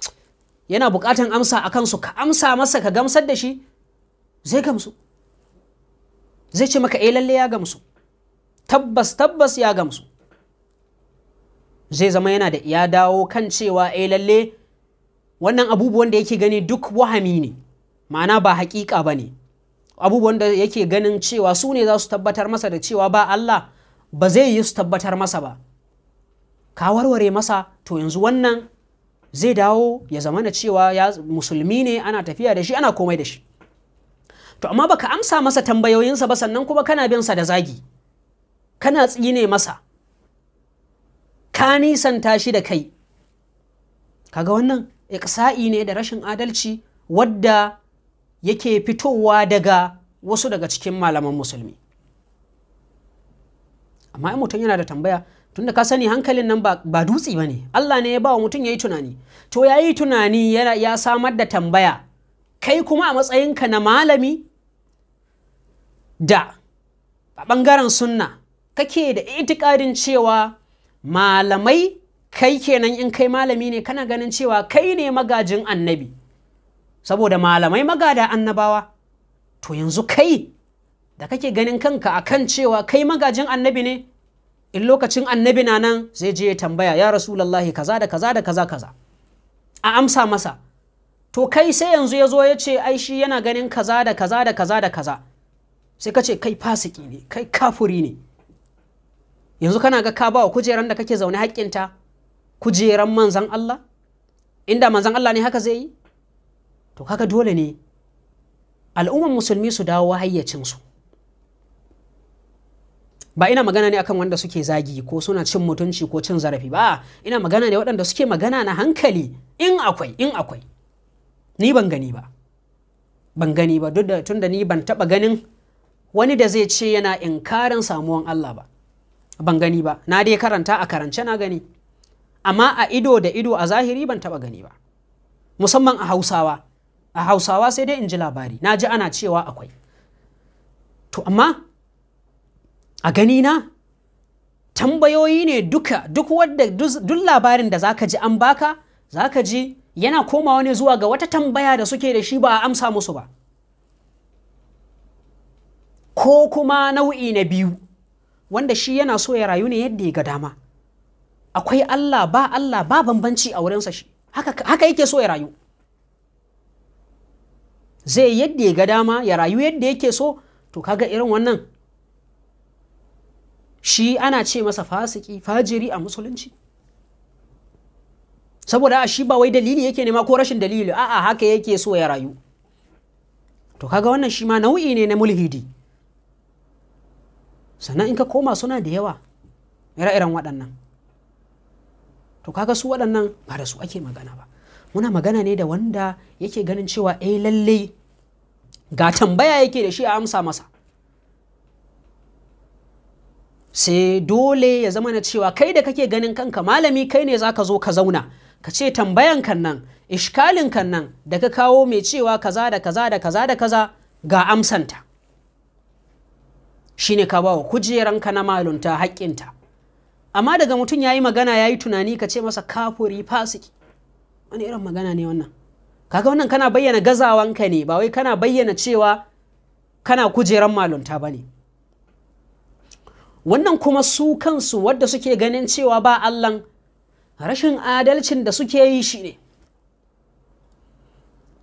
yana bukatan amsa a kansu ka amsa masa ka gamsar da shi zai gamsu zai ce maka eh lalle ya gamsu tabbas tabbas ya gamsu zai zama yana da ya dawo kan cewa eh, lalle wannan abubuwan da yake gani duk wahami ne ma'ana ba haƙiƙa ba ne abubuwan da yake ganin cewa su ne za su tabbatar masa da cewa ba Allah ba zai yi su tabbatar masa ba ka warware masa to yanzu wannan zai dawo ya zama da cewa ya musulmi ne ana tafiya da shi ana komai da shi to amma baka amsa masa tambayoyinsa ba sannan kuma kana bin sa da zagi kana tsine masa ka nisanta shi da kai kaga wannan iksa'i ne da rashin adalci wadda yake fitowa daga wasu daga cikin malaman musulmi amma in mutum yana da tambaya tunda ka sani hankalin nan ba dutse ba ne Allah ne ya ba wa mutum ya yi tunani to ya yi tunani ya samar da tambaya kai kuma a matsayinka na malami da a bangaren sunna kake da itikadin cewa malamai kai kenan in kai malami ne kana ganin cewa kai ne magajin annabi saboda malamai magada annabawa to yanzu kai da kake ganin kanka a kan cewa kai magajin annabi ne in lokacin annabi na nan zai je ya tambaya ya rasulallahi kaza da kaza da kaza kaza a amsa masa to kai sai yanzu ya zo ya ce ai shi yana ganin kaza da kaza da kaza da kaza sai ka ce kai fasiki ne kai kafuri ne yanzu kana ga ka bawa kujeran da kake zaune haƙƙinta kujeran manzan Allah inda manzan Allah ne haka zai yi to kaga dole ne al'umman musulmi su dawo hayyacinsu ba ina magana ne akan wanda suke zagi ko suna cin mutunci ko cin zarafi ba ina magana ne waɗanda suke magana na hankali in akwai in akwai ni ban gani ba ban gani ba duk da tunda ni ban taɓa ganin wani da zai ce yana inkarin samuwan Allah ba ban gani ba na dai karanta a karance na gani amma a ido da ido a zahiri ban taɓa gani ba musamman a hausawa a hausawa sai dai in ji labari na ji ana cewa akwai to amma a gani na tambayoyi ne duka duk wadda duk labarin da zaka ji an baka zaka ji yana komawa ne zuwa ga wata tambaya da suke da shi ba a amsa musu ba ko kuma nau'i na biyu wanda shi yana so ya rayu ne yadda ya ga dama akwai Allah ba Allah ba bambanci a wurinsa shi haka yake so ya rayu zai yadda ya ga dama ya rayu yadda yake so to kaga irin wannan shi ana ce masa fasiki fajiri a musulunci saboda shi ba wai dalili yake nema ko rashin dalili a'a haka yake so ya rayu to kaga wannan shi ma nau'i ne na mulhidi sannan in ka koma suna da yawa ire-iren waɗannan to kaga su waɗannan ba da su ake magana ba muna magana ne da wanda yake ganin cewa eh lalle ga tambaya yake da shi a amsa masa sai dole ya zama na cewa kai da kake ganin kanka malami kai ne za ka zo ka zauna ka ce tambayan kan nan ishkalin kan nan da ka kawo mai cewa kaza da kaza da kaza da kaza ga amsanta shine ka bawa kujeranka na malunta haƙƙinta amma daga mutum ya yi magana ya yi tunani ka ce masa kafuri fasiki wani irin magana ne wannan kaga wannan kana bayyana gazawanka ne ba wai kana bayyana cewa kana kujeran malunta ba ne wannan kuma su kansu wadda suke ganin cewa ba allan rashin adalcin da suke yi shi ne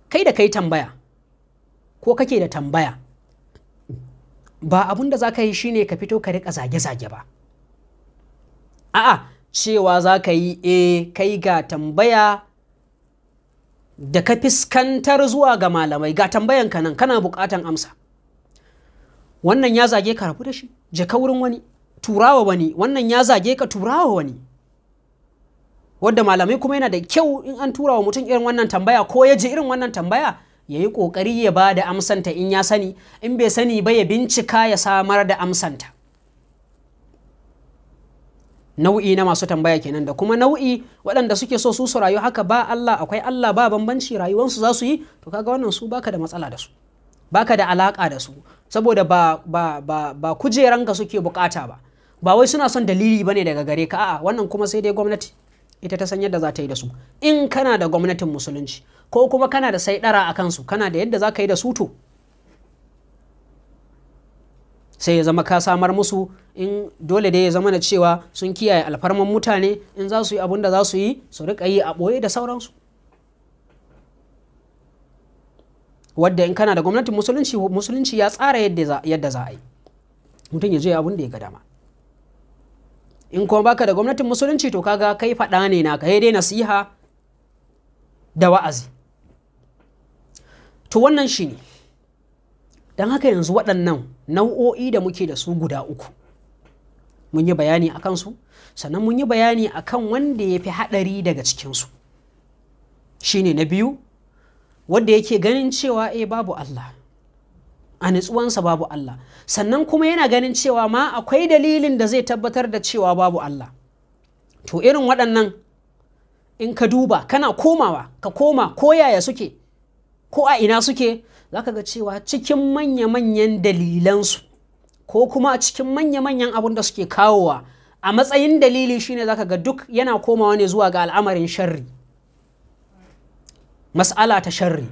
kai da kai tambaya ko kake da tambaya ba abun da za ka yi shine ka fito ka riƙa zage-zage ba a'a cewa za ka yi e kai ga tambaya da ka fiskantar zuwa ga malamai ga tambayan ka nan kana bukatan amsa wannan ya zage ka rabu da shi "Je ka wurin wani turawa wani wannan ya zage ka turawa wani wadda malamai kuma yana da kyau in an turawa mutum irin wannan tambaya ko ya je irin wannan tambaya ya yi ƙoƙari ya ba da amsanta in ya sani in bai sani ba ya bincika ya samar da amsanta nau'i na masu tambaya kenan da kuma nau'i waɗanda suke so su su rayu haka ba Allah akwai Allah ba bambanci rayuwansu za su yi to kaga wannan su baka da matsala da su baka da alaka da su saboda ba ba ba, ba kujeranka suke bukata ba ba wai suna son dalili bane daga gare ka a'a wannan kuma sai dai gwamnati ita ta san yadda za ta yi da su in kana da gwamnatin musulunci ko kuma kana da sai dara akan su kana da yadda za ka yi da su to sai ya zama ka samar musu in dole dai ya zama na cewa sun kiyaye alfarman mutane in za su yi abin da za su yi su riƙa yi a ɓoye da sauransu wadda in kana da gwamnatin musulunci ya tsara yadda za a yi mutum ya je abin da ya ga dama in kuma baka da gwamnatin musulunci to kaga kai faɗa ne na ka dai nasiha da wa'azi to wannan shi ne don haka yanzu waɗannan nau'o'i da muke da su guda uku mun yi bayani a kansu sannan mun yi bayani a kan wanda ya fi haɗari daga cikinsu shi ne na biyu wanda yake ganin cewa e babu Allah a nutsuwansa babu Allah sannan kuma yana ganin cewa ma akwai dalilin da zai tabbatar da cewa babu Allah to irin waɗannan in ka duba kana komawa ka koma ko yaya suke ko a ina suke zaka ga cewa cikin manya-manyan dalilansu ko kuma cikin manya-manyan abin da suke kawowa a matsayin dalili shine zaka ga duk yana komawa ne zuwa ga al'amarin sharri mas'ala ta sharri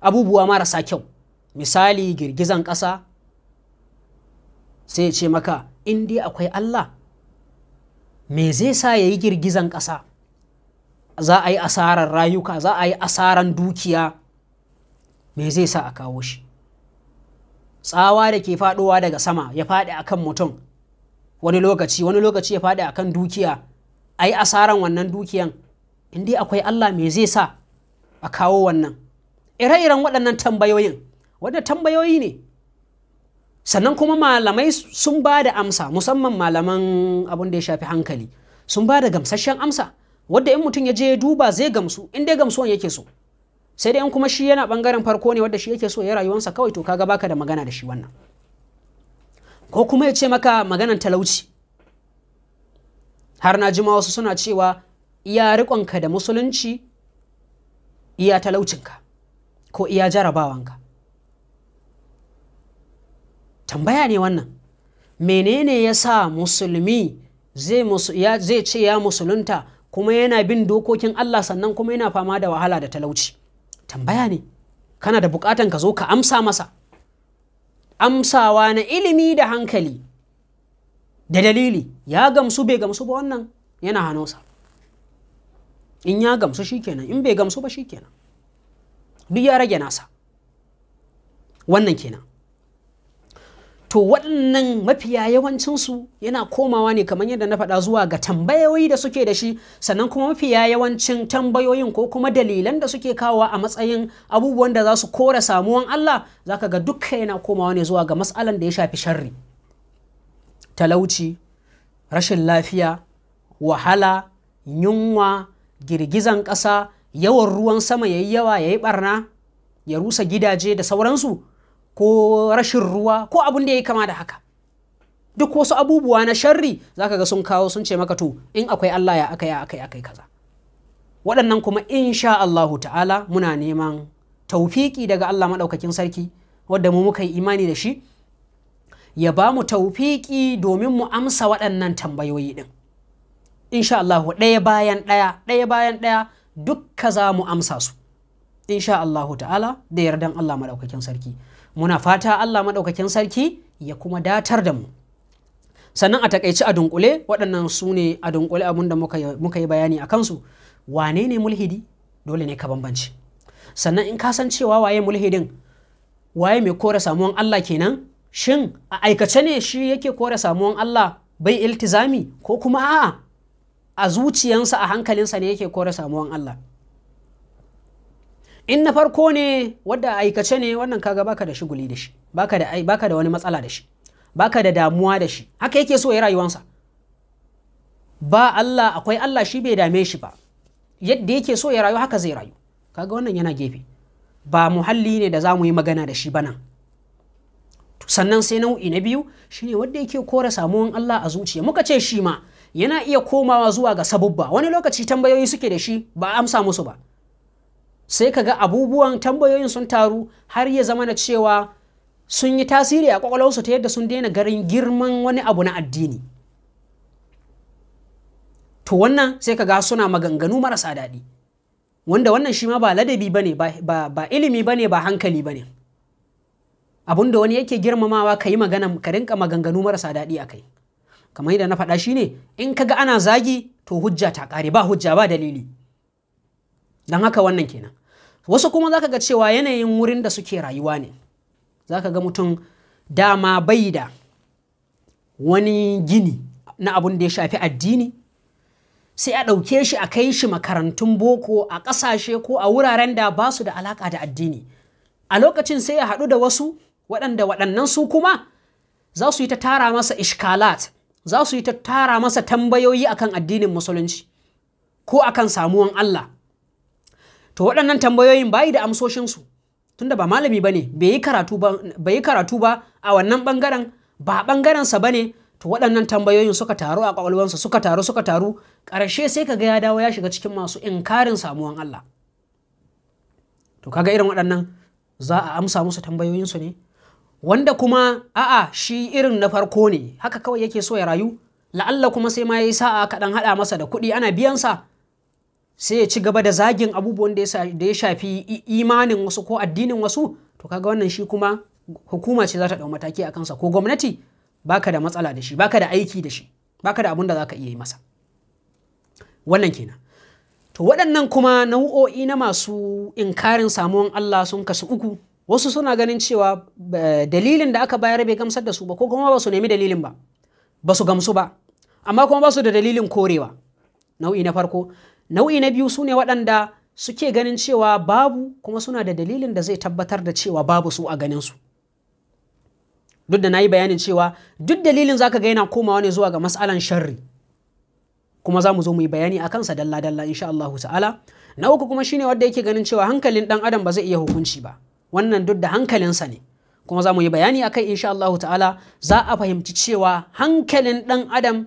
abubuwa marasa kyau misali girgizan ƙasa sai ce maka in dai akwai Allah me zai sa ya yi girgizan ƙasa za a yi asarar rayuka za a yi asaran dukiya me zai sa a kawo shi tsawa da ke faɗowa daga sama ya faɗi kan mutum wani lokaci wani lokaci ya faɗi kan dukiya a yi asaran wannan dukiyan inda akwai Allah me zai sa a kawo wannan ire-iren waɗannan tambayoyin wadda tambayoyi ne sannan kuma malamai sun ba da amsa musamman malaman abin da ya shafi hankali sun ba da gamsasshen amsa wadda in mutum ya je duba zai gamsu in dai gamsuwan yake so sai dai in kuma shi yana bangaren farko ne wanda shi yake so ya rayuwansa kawai to kaga baka da magana da shi wannan ko kuma ya ce maka maganan talauci har na jima wasu suna cewa iya riƙonka da musulunci iya talaucinka ko iya jarabawanka tambaya ne wannan menene ya sa musulmi zai ce ya musulunta kuma yana bin dokokin Allah sannan kuma yana fama da wahala da talauci tambaya ne kana da bukatan ka zo ka amsa masa amsawa na ilimi da hankali da dalili ya gamsu bai gamsu ba wannan yana hanosa in ya gamsu shikenan in bai gamsu ba shikenan duk ya rage nasa wannan kenan to waɗannan mafiya yawancinsu yana komawa ne kamar yadda na faɗa zuwa ga tambayoyi da suke da shi sannan kuma mafiya yawancin tambayoyin ko kuma dalilan da suke kawowa a matsayin abubuwan da za su kora samuwan Allah zaka ga dukka yana komawa ne zuwa ga matsalan da ya shafi sharri talauci rashin lafiya wahala yunwa girgizan ƙasa yawan ruwan sama ya yi yawa ya yi ɓarna ya rusa gidaje da sauransu ko rashin ruwa ko abun da ya yi kama da haka duk wasu abubuwa na sharri za ka ga sun kawo sun ce maka to in akwai Allah ya aka ya aka ya kai kaza waɗannan kuma insha Allahu ta'ala muna neman taufiki daga Allah maɗaukakin sarki wadda mu muka yi imani da shi ya ba mu taufiki domin mu amsa waɗannan tambayoyi ɗin insha Allahu ɗaya bayan ɗaya ɗaya bayan ɗaya dukka za mu amsa su insha Allahu ta'ala da yardan Allah maɗaukakin sarki muna fata Allah maɗaukakin sarki ya kuma datar da mu sannan a takaici a dunkule waɗannan su ne a dunkule abin da muka yi bayani a kansu wane ne mulhidi dole ne ka bambanci sannan in ka san cewa waye mulhidin waye mai kore samuwan Allah kenan shin a aikace ne shi yake kore samuwan Allah bai iltizami ko kuma a'a a zuciyansa a hankalinsa ne yake kore samuwan Allah in na farko ne wadda aikace ne wannan kaga baka da shiguli da shi baka da baka da wani matsala da shi baka da damuwa da shi haka yake so ya rayuwansa ba Allah akwai Allah shi bai dame shi ba yadda yake so ya rayu haka zai rayu kaga wannan yana gefe ba muhalli ne da za mu yi magana da shi bana sannan sai nau'i na biyu shine wanda yake kora samuwan Allah a zuciya muka ce shi ma yana iya komawa zuwa ga sabubba wani lokaci tambayoyi suke da shi ba amsa musu ba sai ka ga abubuwan tambayoyin sun taru har ya zama na cewa sun yi tasiri a kwakwalwarsu ta yadda sun daina garin girman wani abu na addini to wannan sai ka ga suna maganganu marasa daɗi wanda wannan shi ma ba ladabi ba ne, ba ilimi ba ne, ba hankali ba abun da wani yake girmamawa ka yi magana ka rinka maganganu marasa daɗi a kai kamar yadda na faɗa shine in ka ga ana zagi to hujja ta ƙare ba hujja ba dalili don haka wannan kenan wasu kuma zaka ga cewa yanayin wurin da suke rayuwa ne zaka ga mutum dama bai da wani gini na abun da ya shafi addini sai a ɗauke shi a kai shi makarantun boko a ƙasashe ko a wuraren da ba su da alaƙa da addini a lokacin sai ya haɗu da wasu waɗanda waɗannan su kuma za su yi ta tara masa ishkalat za su yi ta tara masa tambayoyi akan addinin musulunci ko akan samuwan Allah to waɗannan tambayoyin bayi da amsoshinsu tunda ba malami ba ne bai yi karatu ba a wannan ɓangaren ba ɓangarensa ba ne to waɗannan tambayoyin suka taru a ƙwaƙwalwansa suka taru suka taru ƙarshe sai ka ga ya dawo ya shiga cikin masu inkarin samuwan Allah to kaga irin waɗannan za a amsa musu tambayoyin su ne wanda kuma a'a shi irin na farko ne haka kawai yake so ya rayu la'alla kuma sai ma ya yi sa'a kaɗan haɗa masa da kuɗi ana biyan sa. sai ya ci gaba da zagin abubuwan da ya shafi imanin wasu ko addinin wasu to kaga wannan shi kuma hukuma ce za ta dau mataki a kansa ko gwamnati baka da matsala da shi baka da aiki da shi baka da abun da za iya yi masa wannan kenan to waɗannan kuma nau'o'i na masu inkarin samuwan Allah sun kasu uku wasu suna ganin cewa dalilin da aka bayar bai gamsar da su ba ko kuma ba su nemi dalilin ba ba su gamsu ba amma kuma ba su da dalilin korewa nau'i na farko nau'i na biyu su ne waɗanda suke ganin cewa babu kuma suna da dalilin da zai tabbatar da cewa babu su a ganinsu duk da na yi bayanin cewa duk dalilin zaka ga yana komawa ne zuwa ga matsalan sharri kuma za mu zo mu yi bayani a kansa dalla dalla insha Allahu ta'ala na uku kuma shine wanda yake ganin cewa hankalin dan adam ba zai iya hukunci ba wannan duk da hankalinsa ne kuma za mu yi bayani a kai insha Allahu ta'ala za a fahimci cewa hankalin dan adam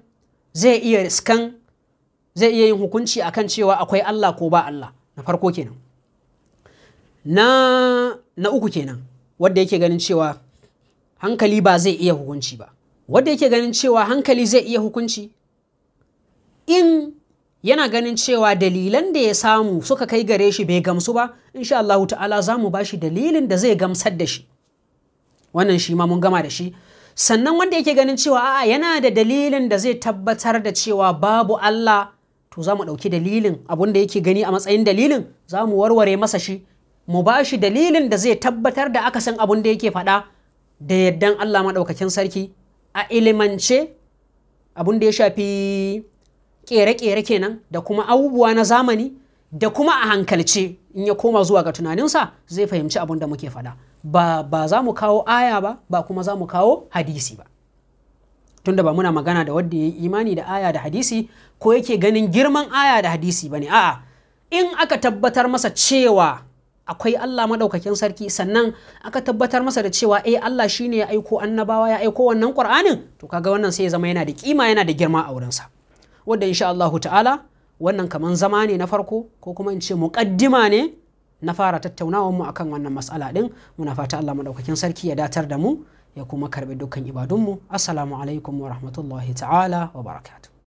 zai iya riskan zai iya yin hukunci akan cewa akwai Allah ko ba Allah na farko kenan na na uku kenan wanda yake ganin cewa hankali ba zai iya hukunci ba wanda yake ganin cewa hankali zai iya hukunci in yana ganin cewa dalilan da ya samu suka kai gare shi bai gamsu ba insha Allah ta'ala za mu bashi dalilin da zai gamsar da shi wannan shi ma mun gama da shi sannan wanda yake ganin cewa a'a yana da dalilin da zai tabbatar da cewa babu Allah to za mu ɗauki dalilin abun da yake gani a matsayin dalilin za mu warware masa shi mu ba shi dalilin da zai tabbatar da aka san abun da yake faɗa da yaddan Allah maɗaukakin sarki a ilimance abun da ya shafi ƙere-ƙere kenan da kuma abubuwa na zamani da kuma a hankalce in ya koma zuwa ga tunaninsa zai fahimci abun da muke faɗa ba za mu kawo aya ba ba kuma za mu kawo hadisi ba tunda ba muna magana da wanda yayi imani da aya da hadisi ko yake ganin girman aya da hadisi ba ne a'a in aka tabbatar masa cewa akwai Allah madaukakin sarki sannan aka tabbatar masa da cewa eh Allah shine ya aiko annabawa ya aiko wannan Qur'anin to kaga wannan sai ya zama yana da kima yana da girma a wurinsa wanda insha Allah ta'ala wannan kaman zama ne na farko ko kuma in ce muqaddima ne na fara tattaunawa mu akan wannan mas'ala din muna fata Allah madaukakin sarki ya datar da mu ya kuma karbi dukkan ibadunmu assalamu alaikum wa rahmatullahi ta'ala wa barakatuh